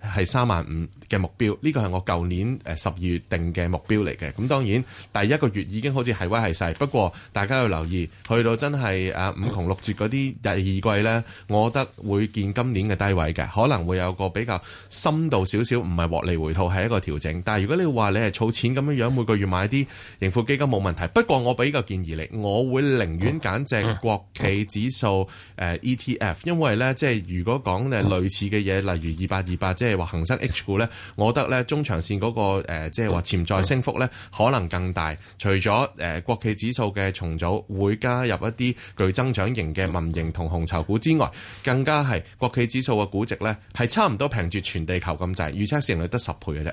係三萬五嘅目標，呢個係我舊年誒十二月定嘅目標嚟嘅。咁當然第一個月已經好似係威係勢，不過大家要留意，去到真係誒五窮六絕嗰啲第二季呢，我覺得會見今年嘅低位嘅，可能會有個比較深度少少，唔係獲利回吐，係一個調整。但係如果你話你係儲錢咁樣樣，每個月買啲盈富基金冇問題。不過我俾個建議你，我會寧願揀隻國企指數誒 ETF，因為呢，即係如果講誒類似嘅嘢，例如二百二百。即譬如話恒生 H 股咧，我覺得咧，中長線嗰個即係話潛在升幅咧，可能更大。除咗誒國企指數嘅重組會加入一啲具增長型嘅民營同紅籌股之外，更加係國企指數嘅估值咧，係差唔多平住全地球咁滯，預測市盈率得十倍嘅啫。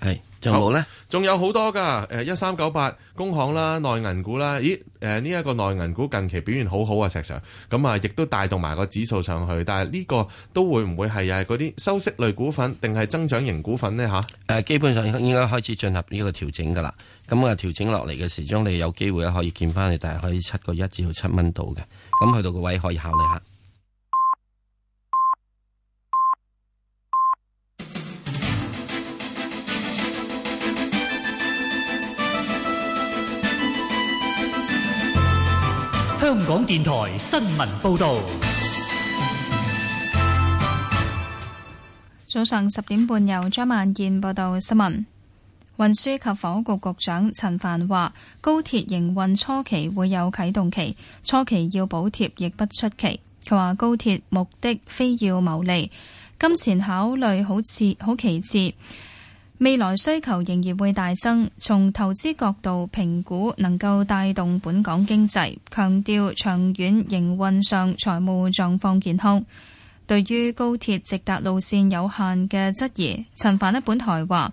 係仲有咧，仲有好多噶。誒，一三九八工行啦，內銀股啦，咦？誒、呃，呢、這、一個內銀股近期表現好好啊，石 Sir 咁啊，亦都帶動埋個指數上去。但係呢個都會唔會係又係嗰啲收息類股份，定係增長型股份呢？吓、啊、誒、呃，基本上應該開始進入呢個調整噶啦。咁啊，調整落嚟嘅時鐘，你有機會啊可以見翻你，但係可以七個一至到七蚊到嘅。咁去到個位可以考慮下。港電台新聞報道，早上十點半由張萬健報道新聞。運輸及房屋局局長陳帆話，高鐵營運初期會有啟動期，初期要補貼亦不出奇。佢話高鐵目的非要牟利，金錢考慮好似好其次。未來需求仍然會大增，從投資角度評估，能夠帶動本港經濟。強調長遠營運上財務狀況健康。對於高鐵直達路線有限嘅質疑，陳凡一本台話：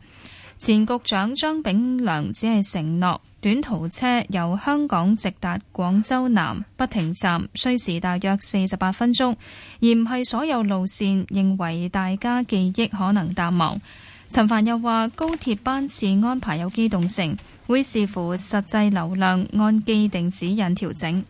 前局長張炳良只係承諾短途車由香港直達廣州南不停站，需時大約四十八分鐘，而唔係所有路線。認為大家記憶可能淡忘。陳帆又話：高鐵班次安排有機動性，會視乎實際流量，按既定指引調整。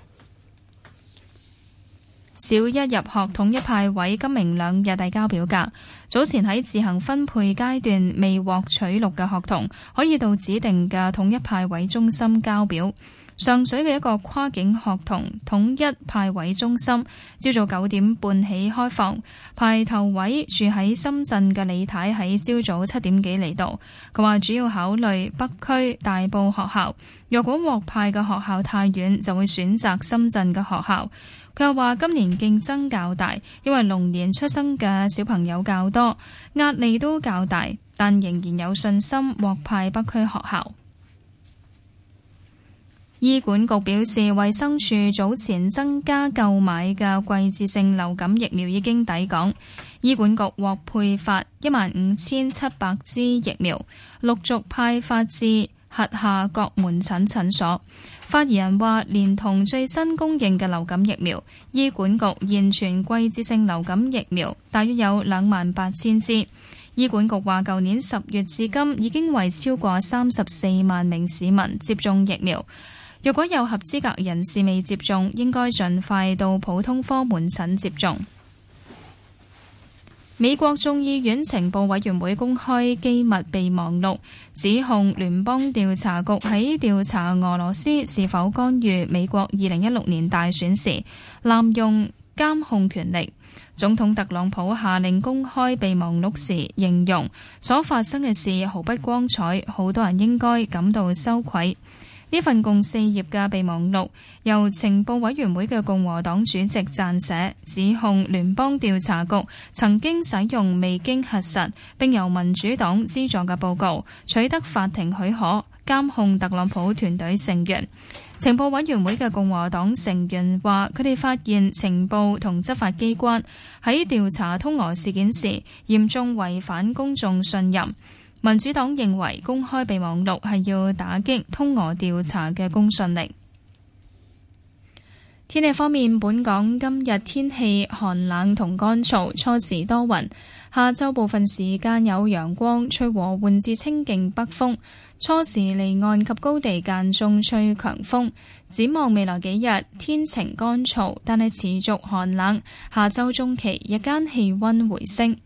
小一入學統一派位今明兩日遞交表格，早前喺自行分配階段未獲取錄嘅學童，可以到指定嘅統一派位中心交表。上水嘅一個跨境學童統一派位中心，朝早九點半起開放。排頭位住喺深圳嘅李太喺朝早七點幾嚟到，佢話主要考慮北區大埔學校，若果獲派嘅學校太遠就會選擇深圳嘅學校。佢又話今年競爭較大，因為龍年出生嘅小朋友較多，壓力都較大，但仍然有信心獲派北區學校。醫管局表示，衛生署早前增加購買嘅季節性流感疫苗已經抵港。醫管局獲配發一萬五千七百支疫苗，陸續派發至轄下各門診診所。發言人話，連同最新供應嘅流感疫苗，醫管局現存季節性流感疫苗大約有兩萬八千支。醫管局話，舊年十月至今已經為超過三十四萬名市民接種疫苗。如果有合資格人士未接種，應該盡快到普通科門診接種。美國眾議院情報委員會公開機密備忘錄，指控聯邦調查局喺調查俄羅斯是否干預美國二零一六年大選時，濫用監控權力。總統特朗普下令公開備忘錄時，形容所發生嘅事毫不光彩，好多人應該感到羞愧。呢份共四頁嘅備忘錄，由情報委員會嘅共和黨主席撰寫，指控聯邦調查局曾經使用未經核實並由民主黨資助嘅報告，取得法庭許可監控特朗普團隊成員。情報委員會嘅共和黨成員話，佢哋發現情報同執法機關喺調查通俄事件時嚴重違反公眾信任。民主黨認為公開備忘錄係要打擊通俄調查嘅公信力。天氣方面，本港今日天氣寒冷同乾燥，初時多雲，下週部分時間有陽光，吹和緩至清勁北風，初時離岸及高地間中吹強風。展望未來幾日，天晴乾燥，但係持續寒冷。下周中期日間氣溫回升。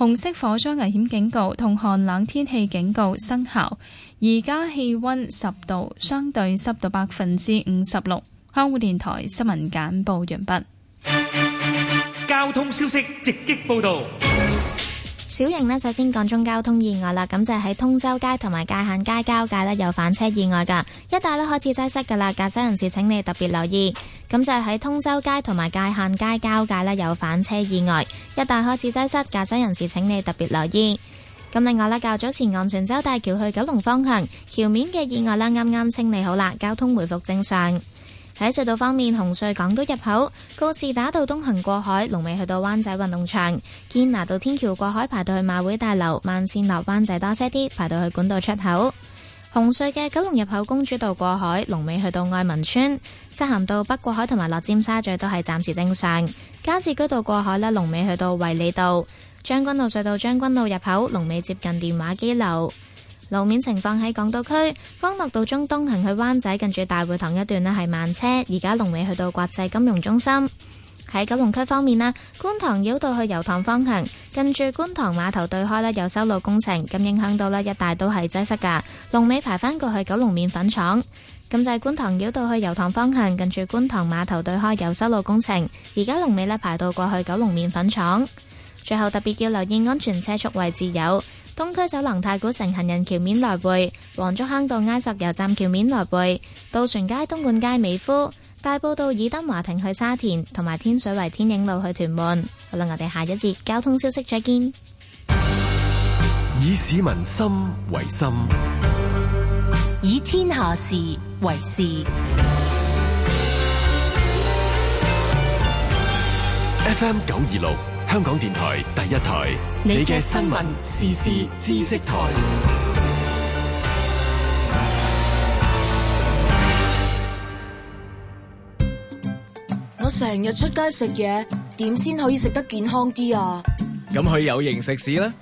紅色火災危險警告同寒冷天氣警告生效。而家氣温十度，相對濕度百分之五十六。香港電台新聞簡報完畢。交通消息直擊報道。小型呢，首先講中交通意外啦，咁就係、是、喺通州街同埋界限街交界呢，有反車意外噶，一帶都開始擠塞噶啦，駕駛人士請你特別留意。咁就係喺通州街同埋界限街交界呢，有反車意外，一帶開始擠塞，駕駛人士請你特別留意。咁、就是、另外咧，較早前，昂船洲大橋去九龍方向橋面嘅意外咧，啱啱清理好啦，交通回復正常。喺隧道方面，紅隧港島入口告士打道東行過海，龍尾去到灣仔運動場；堅拿道天橋過海，排到去馬會大樓；慢線落灣仔多車啲，排到去管道出口。紅隧嘅九龍入口公主道過海，龍尾去到愛民村；漆咸道北過海同埋落尖沙咀都係暫時正常。加士居道過海咧，龍尾去到衛理道；將軍澳隧道將軍澳入口，龍尾接近電話機樓。路面情況，喺港島區，方樂道中東行去灣仔，近住大會堂一段呢係慢車，而家龍尾去到國際金融中心。喺九龍區方面呢，觀塘繞道去油塘方向，近住觀塘碼頭對開呢有修路工程，咁影響到呢，一帶都係擠塞噶，龍尾排返過去九龍麵粉廠。咁就係觀塘繞道去油塘方向，近住觀塘碼頭對開有修路工程，而家龍尾呢，排到過去九龍麵粉廠。最後特別要留意安全車速位置有。東區走廊、太古城行人橋面來回，黃竹坑道埃索油站橋面來回，渡船街、東莞街、美孚、大埔道爾登華庭去沙田，同埋天水圍天影路去屯門。好啦，我哋下一節交通消息再見。以市民心為心，以天下事為事，嗯。F M 九二六。香港電台第一台，你嘅新聞時事知識台。我成日出街食嘢，點先可以食得健康啲啊？咁去有形食肆啦，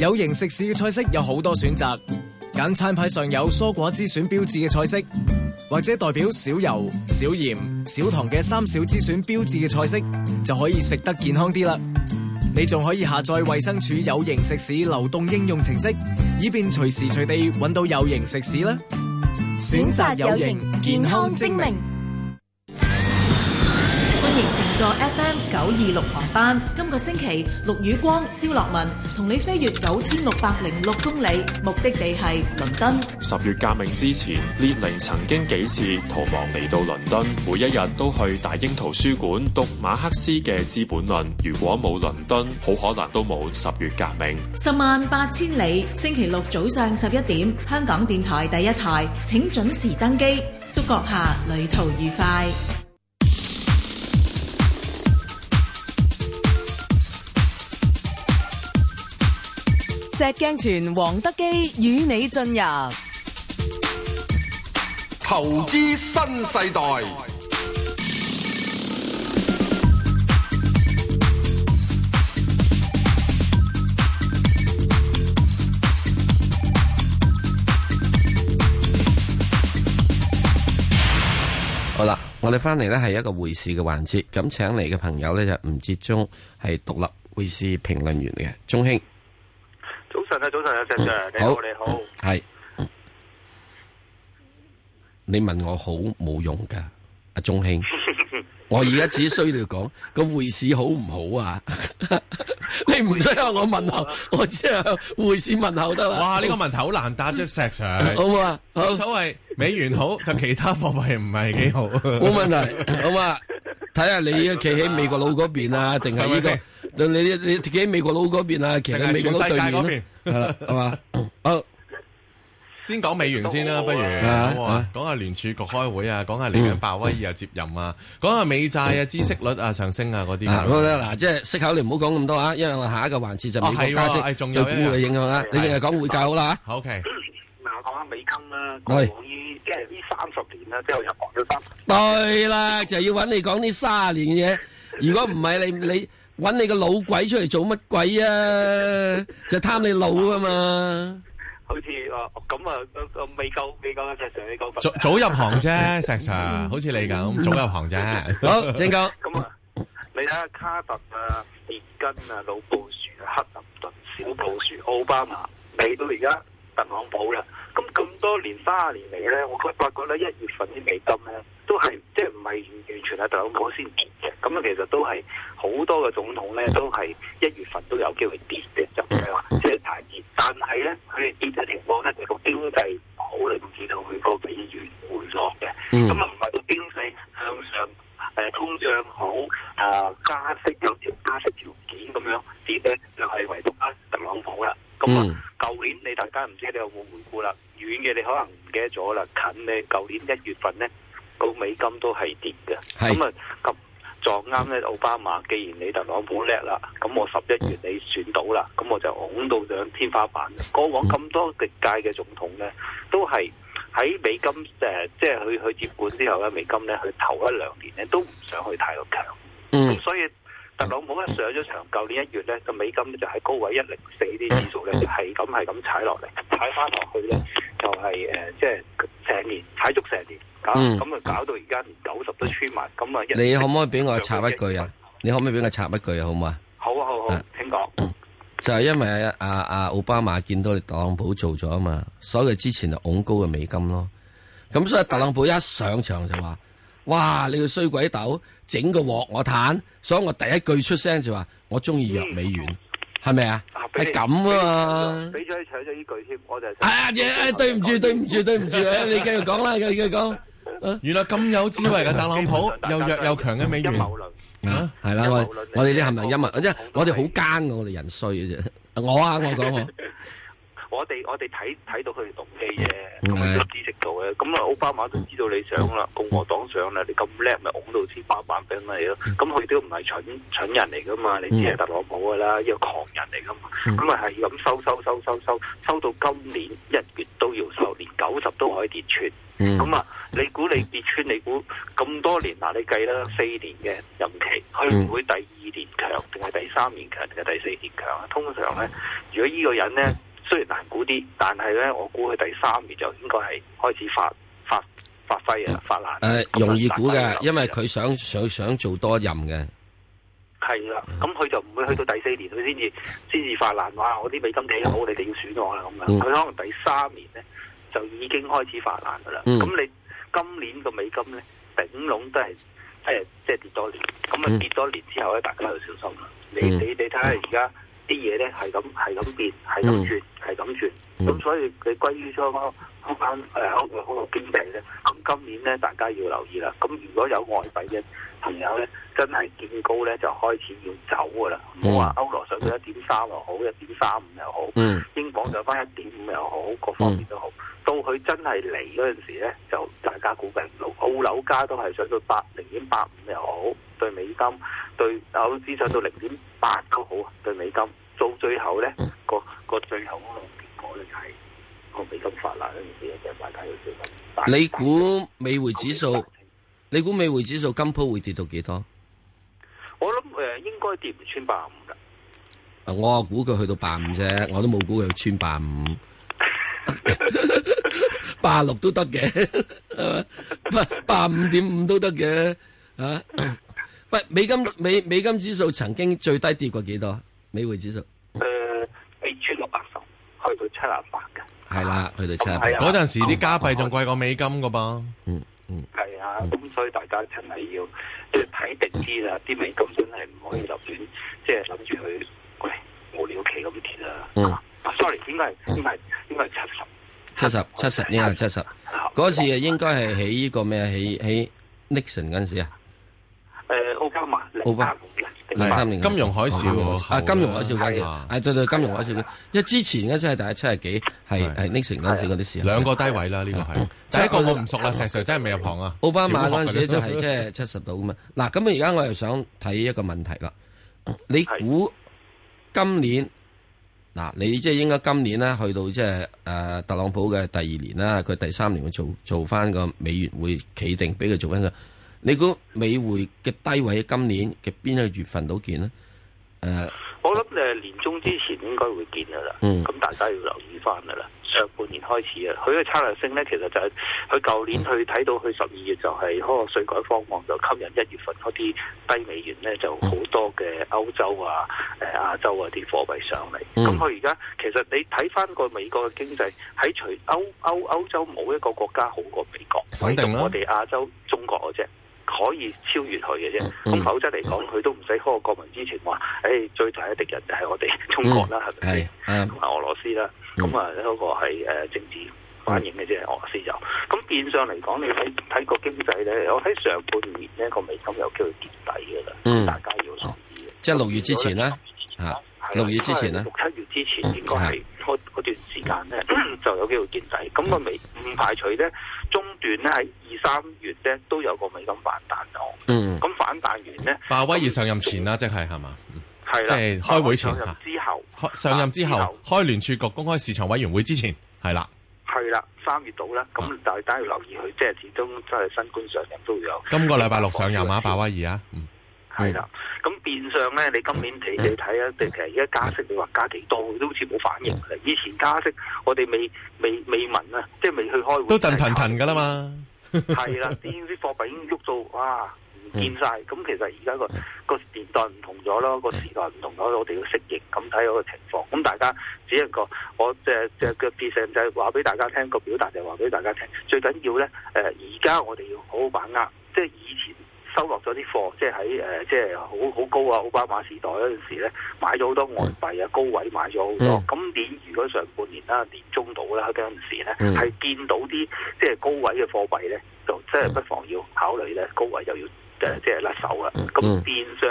有形食肆嘅菜式有好多選擇，揀餐牌上有蔬果之選標誌嘅菜式。或者代表少油、少鹽、少糖嘅三少之選標誌嘅菜式，就可以食得健康啲啦。你仲可以下載衛生署有形食肆流動應用程式，以便隨時隨地揾到有形食肆啦。選擇有形，健康精明。坐 FM 九二六航班，今個星期陸雨光蕭樂文同你飛越九千六百零六公里，目的地係倫敦。十月革命之前，列寧曾經幾次逃亡嚟到倫敦，每一日都去大英圖書館讀馬克思嘅《資本論》。如果冇倫敦，好可能都冇十月革命。十萬八千里，星期六早上十一點，香港電台第一台，請準時登機，祝閣下旅途愉快。石鏡泉、黃德幾與你進入投資新世代。世代好啦，我哋翻嚟呢係一個匯市嘅環節，咁請嚟嘅朋友呢，就吳志忠係獨立匯市評論員嘅鍾興。早晨啊，早晨啊，石 Sir，你好，你好，係好你，好你問我好冇用噶，阿鍾興， 我而家只需要你講個匯市好唔好啊？ 你唔需要我問候，我只係匯市問候得啦。 啊、哇、呢、這個問頭難打 好難答出石 Sir。好嘛，所謂美元好就其他貨幣唔係幾好。冇問題，好啊？睇下、 啊啊、你企喺美國佬嗰邊啊，定係呢個？ 你你自己喺美國佬嗰邊啊，其實美國對面，係嘛？哦，先講美元先啦，不如，講下聯儲局開會啊，講下嚟緊鮑威爾啊接任啊，講下美債啊、孳息率啊、上升啊嗰啲嗱，即係息口你唔好講咁多啊，因為下一個環節就美息加息對股匯嘅影響啊，你哋講匯價好啦，好 OK。嗱，講下美金啦，對於即係呢三十年啊，即係入黃金。對啦，就要揾你講呢卅年嘅嘢。如果唔係你你。揾你個老鬼出嚟做乜鬼啊！就貪你老噶嘛？好似哦咁啊，個個未夠未夠石 sir 呢個，早入行啫，石 sir，好似你咁早入行啫。好，正哥。咁啊，你睇下卡特啊、列根啊、老布殊啊、克林頓、小布殊、奧巴馬，嚟到而家特朗普啦。咁咁多年三十年嚟咧，我覺發覺咧一月份啲美金咧。都係即係唔係完全係特朗普先跌嘅，咁啊其實都係好多嘅總統咧都係一月份都有機會跌嘅，就唔係話即係大熱。但係咧佢哋跌嘅情況咧，就個經濟好你唔見到佢個美元回落嘅，咁啊唔係個經濟向上誒、呃、通脹好啊、呃、加息有條加息條件咁樣跌咧，就係維護啊特朗普啦。咁啊，舊、嗯、年你大家唔知你有冇回顧啦，遠嘅你可能唔記得咗啦，近咧舊年一月份咧。個美金都係跌嘅，咁啊咁撞啱咧奧巴馬。既然你特朗普叻啦，咁我十一月你選到啦，咁我就拱到上天花板。過往咁多的界嘅總統咧，都係喺美金誒、呃，即係佢佢接管之後咧，美金咧佢頭一兩年咧都唔想去太強。咁、嗯、所以特朗普一上咗場，舊年一月咧個美金咧就喺高位一零四啲指數咧係咁係咁踩落嚟，踩翻落去咧就係、是、誒，即係成年踩足成年。咁啊搞到而家九十都穿埋，咁啊你可唔可以俾我插一句啊？你可唔可以俾我插一句啊？好唔好啊？好啊，好好，請講。就係因為阿阿奧巴馬見到你特朗普做咗啊嘛，所以佢之前就拱高嘅美金咯。咁所以特朗普一上場就話：，哇，你個衰鬼豆，整個鑊我攤。所以我第一句出聲就話：，我中意弱美元，係咪啊？係咁啊！俾咗你搶咗呢句添，我就係。係啊，對唔住，對唔住，對唔住。你繼續講啦，繼續講。原來咁有智慧嘅特朗普，又弱又強嘅美元，陰謀論，係啦，我哋啲係唔係陰謀？即係我哋好奸嘅，我哋人衰嘅啫。我啊，我講我，我哋我哋睇睇到佢動機嘅，同埋啲知識到嘅。咁啊，奧巴馬都知道你想啦，共和黨上啦，你咁叻咪拱到支八板俾你咯。咁佢都唔係蠢蠢人嚟噶嘛？你知係特朗普噶啦，一個狂人嚟噶嘛。咁啊，係咁收收收收收，收到今年一月都要收，連九十都可以跌穿。咁啊。你估你跌穿？你估咁多年嗱？你計啦，四年嘅任期，佢唔會第二年強，定係第三年強，定係第四年強啊？通常咧，如果呢個人咧，雖然難估啲，但係咧，我估佢第三年就應該係開始發發發揮啊，發難誒，容易估嘅，因為佢想想想做多任嘅，係啦，咁佢就唔會去到第四年佢先至先至發難，話我啲美金幾好，你哋要選我啦咁樣，佢可能第三年咧就已經開始發難噶啦，咁你。今年個美金咧，頂籠都係誒、哎，即係跌多年。咁啊，跌多年之後咧，大家要小心啦。你你你睇下而家啲嘢咧，係咁係咁變，係咁轉，係咁轉。咁、嗯、所以你歸於咗嗰班誒嗰個經濟咧，咁今年咧，大家要留意啦。咁如果有外幣嘅，朋友咧，真係見高咧，就開始要走噶啦。冇啊，歐羅上到一點三又好，一點三五又好。嗯，英鎊上返一點五又好，嗯、各方面都好。到佢真係嚟嗰陣時咧，就大家估計澳樓價都係上到八零點八五又好，對美金，對歐資上到零點八都好，對美金。到最後咧，嗯、個個最後嗰個結果咧，就係個美金發難嗰件事，就大家要小心。估你估美匯指數？你估美匯指數今鋪會跌到幾多我、呃呃？我諗誒，應該跌唔穿八五噶。我估佢去到八五啫，我都冇估佢穿八五。八六 都得行嘅，八五點五都得嘅。啊， 不美金美美金指數曾經最低跌過幾多？美匯指數誒，跌穿、呃、八十，去到七啊八嘅。係啦，去到七啊八。嗰陣、嗯、時啲加幣仲貴過美金噶噃。嗯。嗯，係啊，咁所以大家真係要即係睇定啲啦，啲美金真係唔可以留短，即係諗住去喂無聊期咁啲啦。嗯，啊，sorry，應該係唔係，應該係七十，七十，七十，嗯，應該係七十。嗰時啊，應該係喺呢個咩啊，喺喺 Nixon 嗰陣時啊。誒，Ogawa，Ogawa。三年金融海嘯啊，金融海嘯嗰陣，係，對對金融海嘯，因為之前咧先係大家七廿幾，係係拎成嗰陣時嗰啲事，兩個低位啦，呢個係第一個我唔熟啦，石 Sir 真係未入行啊。奧巴馬嗰陣時就係即係七十度咁啊。嗱，咁啊而家我又想睇一個問題啦。你估今年嗱，你即係應該今年呢去到即係誒，特朗普嘅第二年啦，佢第三年會做做翻個美元會企定，俾佢做翻個。你估美匯嘅低位今年嘅邊一個月份到見呢？誒、uh,，我諗誒年中之前應該會見噶啦。嗯，咁大家要留意翻噶啦。上半年開始啊，佢嘅差略性咧，其實就係佢舊年去睇到佢十二月就係嗰個稅改方案就吸引一月份嗰啲低美元咧就好多嘅歐洲啊誒、呃、亞洲啊啲貨幣上嚟。咁佢而家其實你睇翻個美國嘅經濟喺除歐歐歐洲冇一個國家好過美國，肯定啦，啊，我哋亞洲中國嘅啫。可以超越佢嘅啫，咁否則嚟講，佢都唔使開國民之前話，誒最大嘅敵人就係我哋中國啦，係咪？嗯，同埋俄羅斯啦，咁啊嗰個係誒政治反應嘅啫，俄羅斯就咁變相嚟講，你睇個經濟咧，我喺上半年呢個美金有機會見底嘅啦，大家要留意，即係六月之前咧，嚇，六月之前咧，六七月之前應該係嗰段時間咧就有機會見底，咁個美唔排除咧。中段咧喺二三月咧都有個美金反彈咗，嗯，咁反彈完咧，鮑威爾上任前啦，即係係嘛，係啦，即係開會前之後上任之後，開聯儲局公開市場委員會之前，係啦，係啦，三月度啦，咁大家要留意佢，即係始終即係新官上任都有。今個禮拜六上任嗎？鮑威爾啊？係啦，咁變相咧，你今年企你睇即係其實而家加息，你話，嗯、加幾多，都好似冇反應，嗯、以前加息，我哋未未未聞啊，即係未去開會都震騰騰噶啦嘛。係 啦，啲啲貨幣已經喐到，哇，唔見晒。咁，嗯、其實而家，嗰個，嗯、個時代唔同咗咯，個，嗯、時代唔同咗，我哋要適應，咁睇嗰個情況。咁大家只能個，我即係即係變成就係話俾大家聽個表達，就係話俾大家聽。最緊要咧，誒，而家我哋要好好把握，即係以前。即是 收落咗啲貨，即係喺誒，即係好好高啊！奧巴馬時代嗰陣時咧，買咗好多外幣啊，嗯、高位買咗好多。嗯、今年如果上半年啦、年中度啦嗰陣時咧，係、嗯、見到啲即係高位嘅貨幣咧，就即係不妨要考慮咧，高位就要誒、呃、即係甩手啦。咁、嗯、變相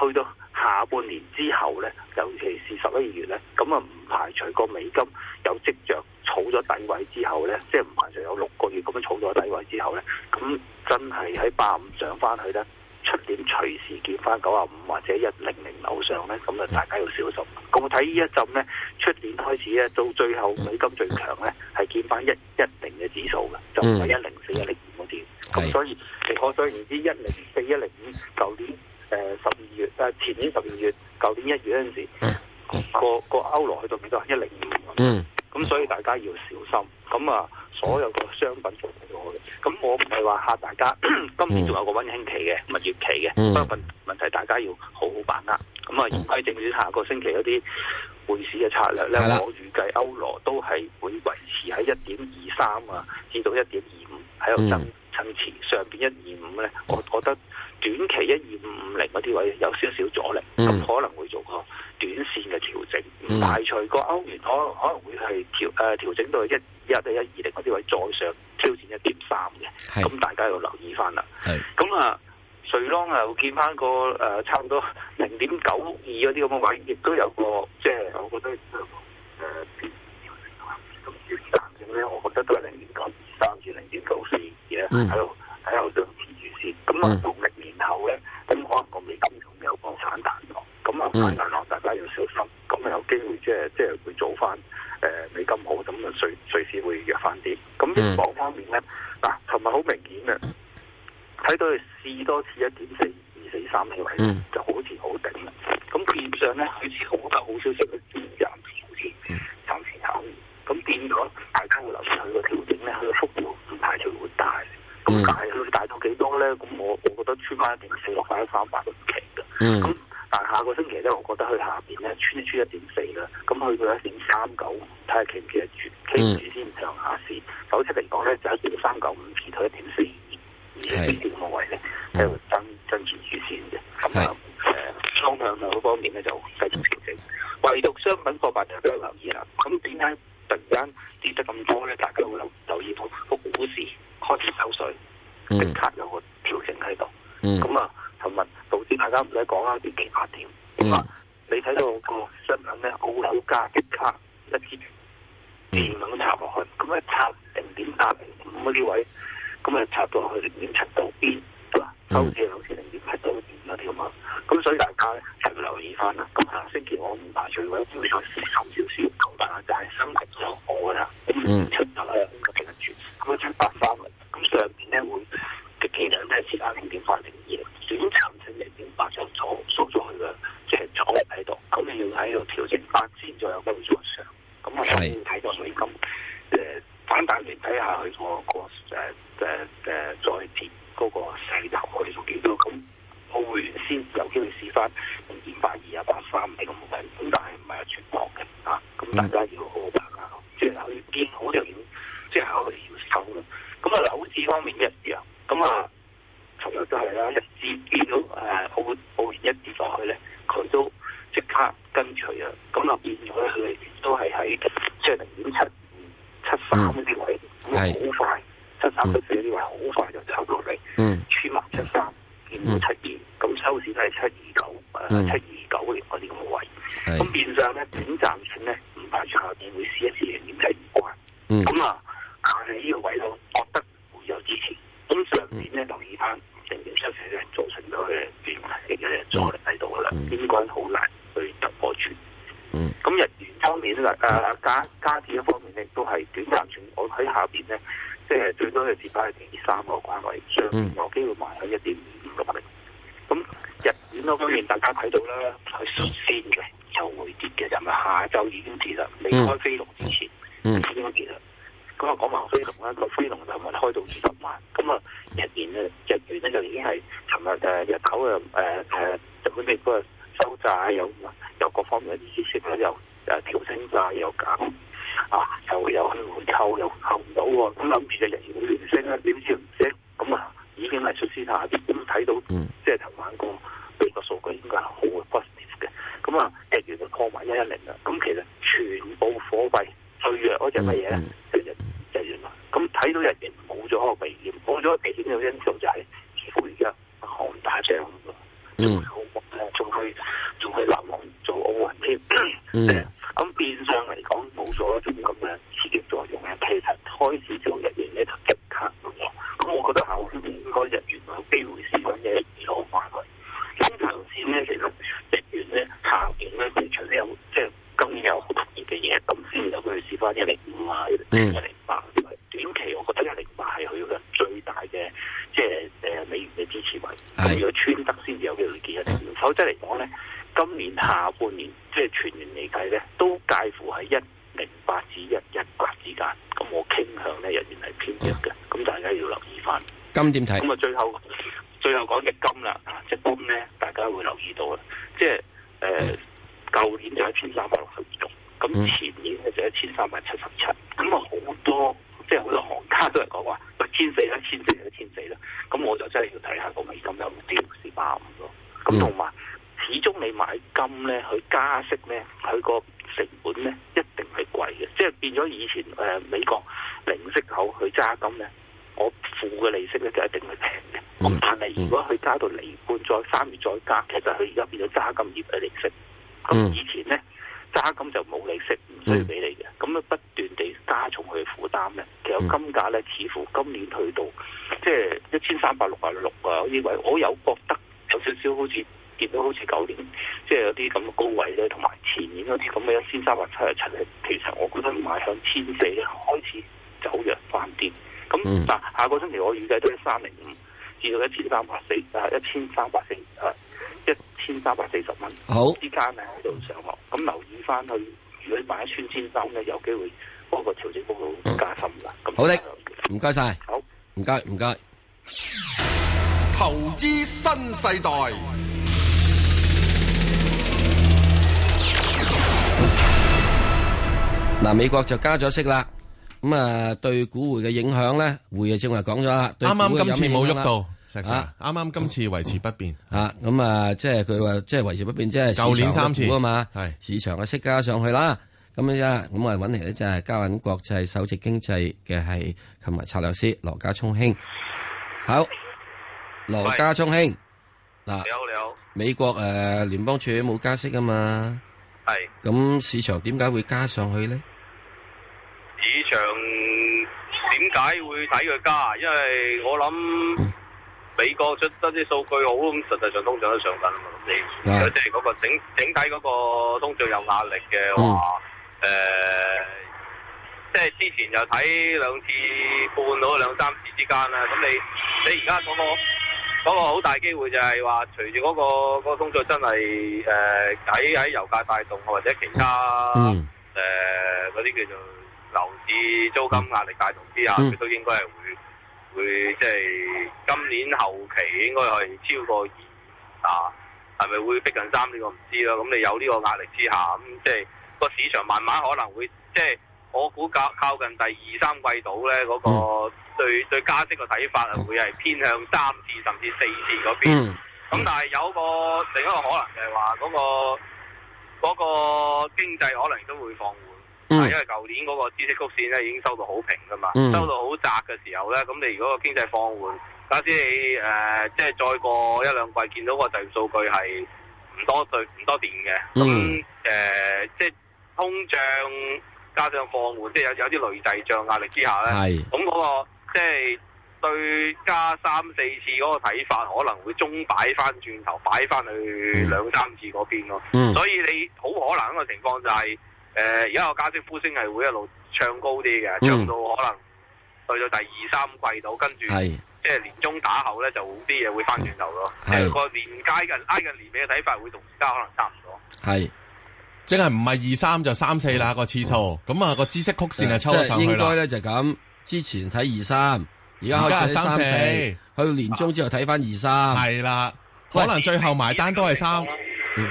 去到。下半年之後咧，尤其是十一月咧，咁啊唔排除個美金有跡象儲咗底位之後咧，即係唔排除有六個月咁樣儲咗底位之後咧，咁真係喺八五上翻去咧，出年隨時見翻九啊五或者一零零樓上咧，咁啊大家要小心。咁我睇呢一陣咧，出年開始咧到最後美金最強咧、嗯，係見翻一一零嘅指數嘅，就唔係一零四一零五嗰啲。咁、嗯、所以可想而知一零四一零五舊年。誒，十二月誒，前年十二月、舊年一月嗰陣時 個，個個歐羅去到幾多？一零五，嗯， 咁所以大家要小心。咁啊，所有個商品做落去。咁我唔係話吓大家， 今年仲有個溫馨期嘅蜜月期嘅，不過問問題大家要好好把握。咁啊，而家正選下個星期嗰啲匯市嘅策略咧， 我預計歐羅都係會維持喺一點二三啊，至到一點二五喺度增震持。上邊一二五咧，我我覺得。短期一二五五零嗰啲位有少少阻力，咁可能會做個短線嘅調整。唔排除個歐元可可能會係調誒調整到一一一二零嗰啲位，再上挑戰一點三嘅，咁大家要留意翻啦。咁啊，瑞郎又見翻個誒差唔多零點九二嗰啲咁嘅位，亦都有個即係我覺得誒點樣嚟話都叫彈性咧，我覺得都係零點九二三至零點九四嘅喺度喺度上持住先，咁啊阻力。然後咧，咁可能個美金仲有個反彈喎，咁啊反彈落，大家要小心。咁有機會即係即係會做翻誒美金好，咁啊隨隨時會弱翻啲。咁英鎊方面咧，嗱尋日好明顯嘅，睇到佢試多次一點四二四三釐位，嗯、就好似好頂啦。咁變相咧，佢似好得好少少佢先暫時先暫時考慮。咁變咗，大家會留意佢個調整咧，佢幅度唔排除會大。咁大佢大到幾多咧？咁我我覺得穿翻一點四落翻一三八都唔奇嘅。咁、嗯、但係下個星期咧，我覺得佢下邊咧穿一穿一點四啦。咁去到一點三九睇下企唔企住企住先上下線。否則嚟講咧，就一點三九五至到一點四二呢嘅呢條位咧，喺度爭增住住線嘅。咁啊誒，方向啊嗰方面咧就繼續調整。唯獨、嗯、商品貨幣就都要留意啦。咁點解突然間跌得咁多咧？大家會留留意到、個股市。開始抽水，即刻有個調整喺度。咁啊，琴日導致大家唔使講啦，跌幾百點。點啊、嗯？你睇到今日新聞咧，澳樓價即刻一支字猛插落去，咁一、嗯嗯、插零點八零五嗰啲位，咁啊插到去零點七到邊？收市好似零點七到邊嗰啲咁嘛。咁、嗯、所以大家咧就要留意翻啦。咁下星期我唔排除會有跳水少少，但係就係心情好啦。咁七百零五嘅平住，咁啊七八三。上面咧會嘅幾兩日時下零點八零二，短暫性零點八上左縮咗佢㗎，即係阻力喺度。咁你要喺度調整八千左右工作上。咁我先睇到美金誒反彈嚟睇下佢個個誒誒再跌嗰個勢頭，我哋仲見咁我會先有機會試翻零點八二啊八三呢個水平。咁但係唔係全國嘅嚇，咁大家。今年下半年即係全年嚟計咧，都介乎喺一零八至一一八之間。咁我傾向咧仍然係偏弱嘅。咁、嗯、大家要留意翻金點睇。咁啊，最後最後講隻金啦。即隻金咧，大家會留意到啊。即係誒，舊、呃嗯、年就一千三百六十二，咁前年咧就一千三百七十七。咁啊，好多即係好多行家都係講話一千四一千四一千四啦。咁我就真係要睇下個美金、就是、個有冇跌四百五咯。咁同埋。始終你買金咧，佢加息咧，佢個成本咧一定係貴嘅，即係變咗以前誒、呃、美國零息口去揸金咧，我付嘅利息咧就一定係平嘅。咁、嗯、但係如果佢加到離半再三月再加，其實佢而家變咗揸金業嘅利息。咁以前咧揸、嗯、金就冇利息，唔需要俾你嘅。咁咧、嗯、不斷地加重佢負擔咧，其實金價咧似乎今年去到即係一千三百六啊六啊呢位，我有覺得有少少好似。如果好似九年，即係有啲咁嘅高位咧，同埋前年嗰啲咁嘅一千三百七十七咧，其實我覺得買向千四咧開始走弱反跌。咁嗱，嗯、但下個星期我預計都係三零五至到一千三百四啊，一千三百四啊，一千三百四十蚊好之間咧喺度上落。咁留意翻去，如果買穿千三咧，有機會嗰個調整幅度加深啦。咁、嗯、那好嘅的，唔該晒，好唔該唔該，投資新世代。嗱，美國就加咗息啦，咁啊對股匯嘅影響咧，匯嘅正話講咗啦，啱啱今次冇喐到，啱啱今次維持不變，吓，咁啊，即係佢話即係維持不變，即係舊年三次啊嘛，係市場嘅息加上去啦，咁一咁啊搵嚟咧就係交銀國際首席經濟嘅係琴日策略師羅家聰兄，好羅家聰兄嗱，你好你好，美國誒聯邦儲備冇加息啊嘛，係咁市場點解會加上去咧？點解會睇佢加？因為我諗美國出得啲數據好，咁實際上通脹都上緊啊嘛。咁你如果即係嗰個整整體嗰個通脹有壓力嘅話，誒、嗯呃，即係之前又睇兩次半到兩三次之間啦。咁你你而家嗰個嗰、嗰個好大機會就係話，隨住嗰個、嗰個通脹真係誒喺喺油價帶動或者其他誒嗰啲叫做。樓市租金壓力大同之下，佢都、嗯、應該係會會即、就、係、是、今年後期應該係超過二啊，係咪會逼近三呢？我唔知啦。咁你有呢個壓力之下，咁即係個市場慢慢可能會即係、就是、我估較靠，靠近第二三季度咧，嗰、那個對、嗯、對，對加息嘅睇法係會係偏向三次甚至四次嗰邊。咁、嗯、但係有個另一個可能就係話嗰個嗰、那個經濟可能都會放緩。嗯、因為舊年嗰個孳息曲線咧已經收到好平噶嘛，嗯、收到好窄嘅時候咧，咁你如果個經濟放緩，假使你誒，即、呃、係、就是、再過一兩季見到個就業數據係唔多對唔多變嘅，咁誒、嗯，即係、呃就是、通脹加上放緩，即、就、係、是、有有啲累滯脹壓力之下咧，咁嗰是、那個即係、就是、對加三四次嗰個睇法，可能會中擺翻轉頭，擺翻去兩三次嗰邊咯。嗯嗯、所以你好可能個情況就係、是。誒，而家個加息呼聲係會一路唱高啲嘅，嗯、唱到可能去到第二三季度，跟住是即係年中打後咧，就啲嘢會翻轉頭咯。係、嗯、個年階嘅，挨近年尾嘅睇法會同而家可能差唔多。係是，即係唔係二三就三四啦個次數。咁啊、嗯、個知識曲線係抽咗上嚟。即係應該咧就咁，之前睇二三，而家開始三四，去到年中之後睇翻二三。係啦、啊，可能最後埋單都係三、嗯。嗯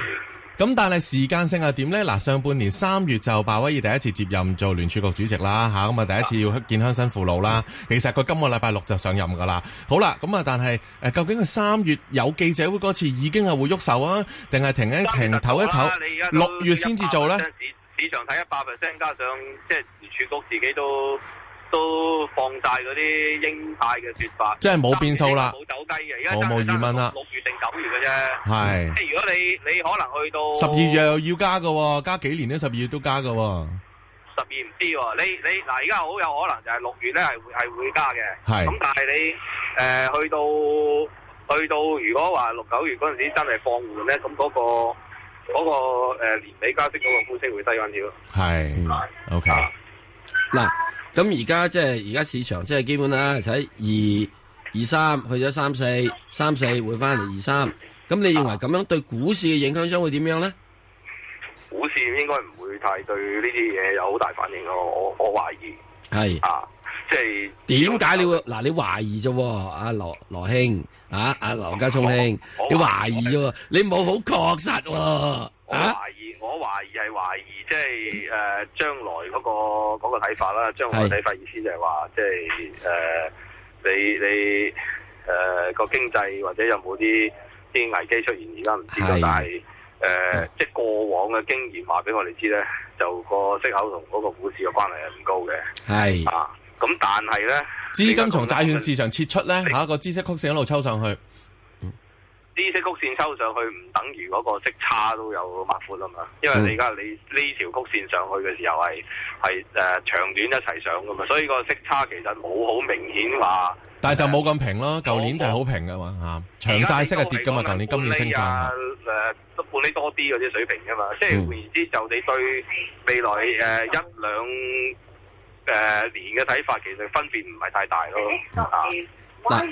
咁但係時間性又點咧？嗱，上半年三月就鮑威爾第一次接任做聯儲局主席啦，吓、啊，咁啊第一次要見鄉紳父老啦。嗯、其實佢今個禮拜六就上任噶啦。好啦，咁啊，但係誒，究竟佢三月有記者會嗰次已經係會喐手啊，定係停，停一停唞一唞，六月先至做咧？市市場睇一百 percent，加上即係聯儲局自己都。都放大嗰啲鷹派嘅説法，即係冇變數啦，冇走雞嘅。而家冇疑問啦，六月定九月嘅啫。係即係如果你你可能去到十二月又要加㗎喎，加幾年咧？十二月都加㗎喎。十二唔知喎、哦，你你嗱，而家好有可能就係六月咧係係會加嘅。係咁是，但係你誒去到去到，去到如果話六九月嗰陣時真係放緩咧，咁嗰、嗰個嗰、嗰個、嗰個呃、年尾加息嗰個呼聲會低返少咯。是。係，OK 嗱。Okay. 咁而家即係而家市場，即係基本啦，就喺二二三去咗三四三四，會返嚟二三。咁你認為咁樣對股市嘅影響將會點樣咧？股市應該唔會太對呢啲嘢有好大反應咯。我我懷疑係是啊，即係點解你會嗱？啊、你懷疑啫喎，阿、啊、羅羅兄啊，阿羅家聰兄，你懷疑啫喎，我你冇好確實喎啊！我啊我懷疑係懷疑，即係誒將來嗰個嗰個睇法啦。將來睇法意思就係話，即係誒你你誒個經濟或者有冇啲啲危機出現，而家唔知道，但係誒即係過往嘅經驗話俾我哋知咧，就個息口同嗰個股市嘅關係係唔高嘅。係啊，咁但係咧，資金從債券市場撤出咧，下一個知識曲線一路抽上去。知識曲線收上去，唔等於嗰個息差都有擘寬啊嘛。因為你而家你呢條曲線上去嘅時候係係誒長短一齊上噶嘛，所以個息差其實冇好明顯話。但係就冇咁平咯，舊年就好平噶嘛吓。長債息係跌噶嘛，舊年今年升價。誒泰，都半厘多啲嗰啲水平噶嘛，嗯嗯、即係換言之，就你對未來誒、呃、一兩誒年嘅睇法，其實分別唔係太大咯。嗯嗯嗱，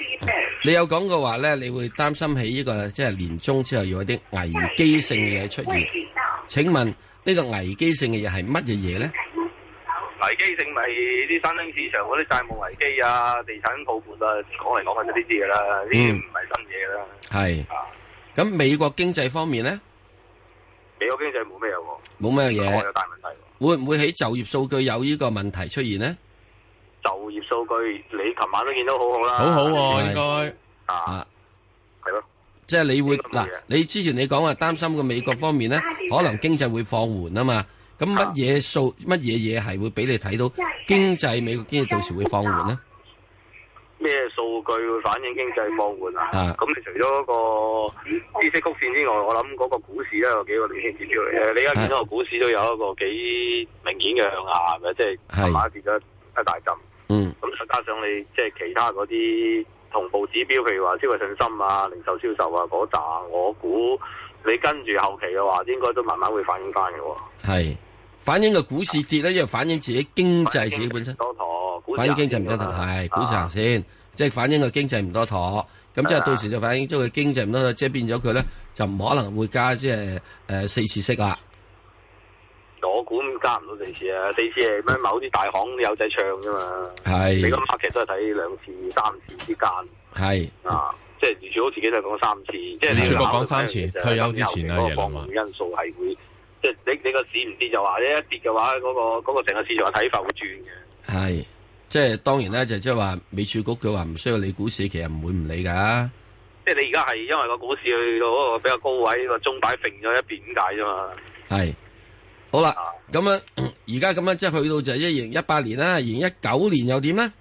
你有講過話咧，你會擔心喺呢個即係年終之後有啲危機性嘅嘢出現？請問呢個危機性嘅嘢係乜嘢嘢咧？危機性咪啲新興市場嗰啲債務危機啊、地產泡沫啊，講嚟講去都呢啲嘅啦，呢啲唔係新嘢啦。係。咁美國經濟方面咧？美國經濟冇咩嘢？冇咩嘢嘢？有大問題。會唔會喺就業數據有呢個問題出現咧？就業數據你琴晚都見到好好啦，好好應該啊，係咯，即係你會嗱，你之前你講話擔心個美國方面咧，可能經濟會放緩啊嘛，咁乜嘢數乜嘢嘢係會俾你睇到經濟美國經濟到時會放緩咧？咩數、啊、據會反映經濟放緩啊？咁你、啊、除咗個知識曲線之外，我諗嗰個股市都有幾個明顯指標嚟嘅。的的你而家見到個股市都有一個幾明顯嘅向下，係即係琴晚跌咗一大浸。嗯，咁再加上你即係、就是、其他嗰啲同步指標，譬如話消費信心啊、零售銷售啊嗰扎，我估你跟住後期嘅話，應該都慢慢會反映翻嘅、哦。係反映個股市跌咧，因為反映自己經濟自己本身唔多妥，反映經濟唔多妥，係，股市行先，即係反映個經濟唔多妥，咁、啊、即係到時就反映濟、啊、即佢經濟唔多妥，即係變咗佢咧就唔可能會加，即係誒、呃、四次息啊。我估加唔到四次啊！四次係咩？某啲大行啲友仔唱啫嘛。係是，你咁拍劇都係睇兩次、三次之間。係是啊，即係美儲局自己就講、是、三次，即係全國講三次退休之前啊，人、就是、話。因素係會即係你你個市唔跌就話咧，一跌嘅話，嗰、那個嗰個成個市場睇法會轉嘅。係，即係當然咧，就即係話美儲局嘅話唔需要理股市，其實唔會唔理噶、啊。即係你而家係因為個股市去到嗰個比較高位個鐘擺揈咗一邊點解啫嘛？係。好啦，咁、啊、樣而家咁樣即係去到就二零一八年啦，二零一九年又呢年點咧？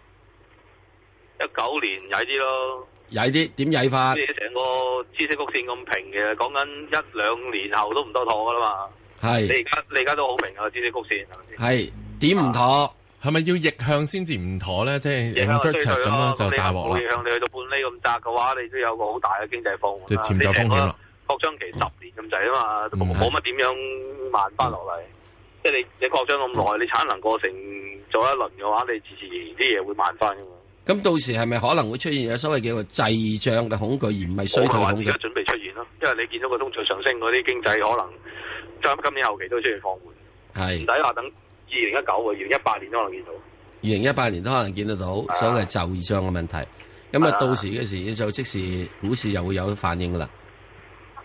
一九年曳啲咯，曳啲點曳法？即係成個知識曲線咁平嘅，講緊一兩年後都唔多妥噶啦嘛。係是你而家你而家都好明啊，知識曲線係咪點唔妥？係咪、啊、要逆向先至唔妥咧？即係影出咁樣，就大鑊啦。逆向你去到半厘咁窄嘅話，你都有個好大嘅經濟風險。即係潛在風險啦。擴張期十年咁滯啊嘛，冇乜點樣慢翻落嚟，嗯、即係你你擴張咁耐，你產能、嗯、過剩做一輪嘅話，你遲遲啲嘢會慢翻嘅。咁到時係咪可能會出現有所謂叫做滯脹嘅恐懼，而唔係衰退恐懼？而家準備出現咯，因為你見到個通脹上升，嗰啲經濟可能將今年後期都出現放緩，係唔使話等二零一九啊，二零一八年都可能見到，二零一八年都可能見得到，啊、所以係就滯脹嘅問題。咁啊，到時嘅時就即時股市又會有反應噶啦。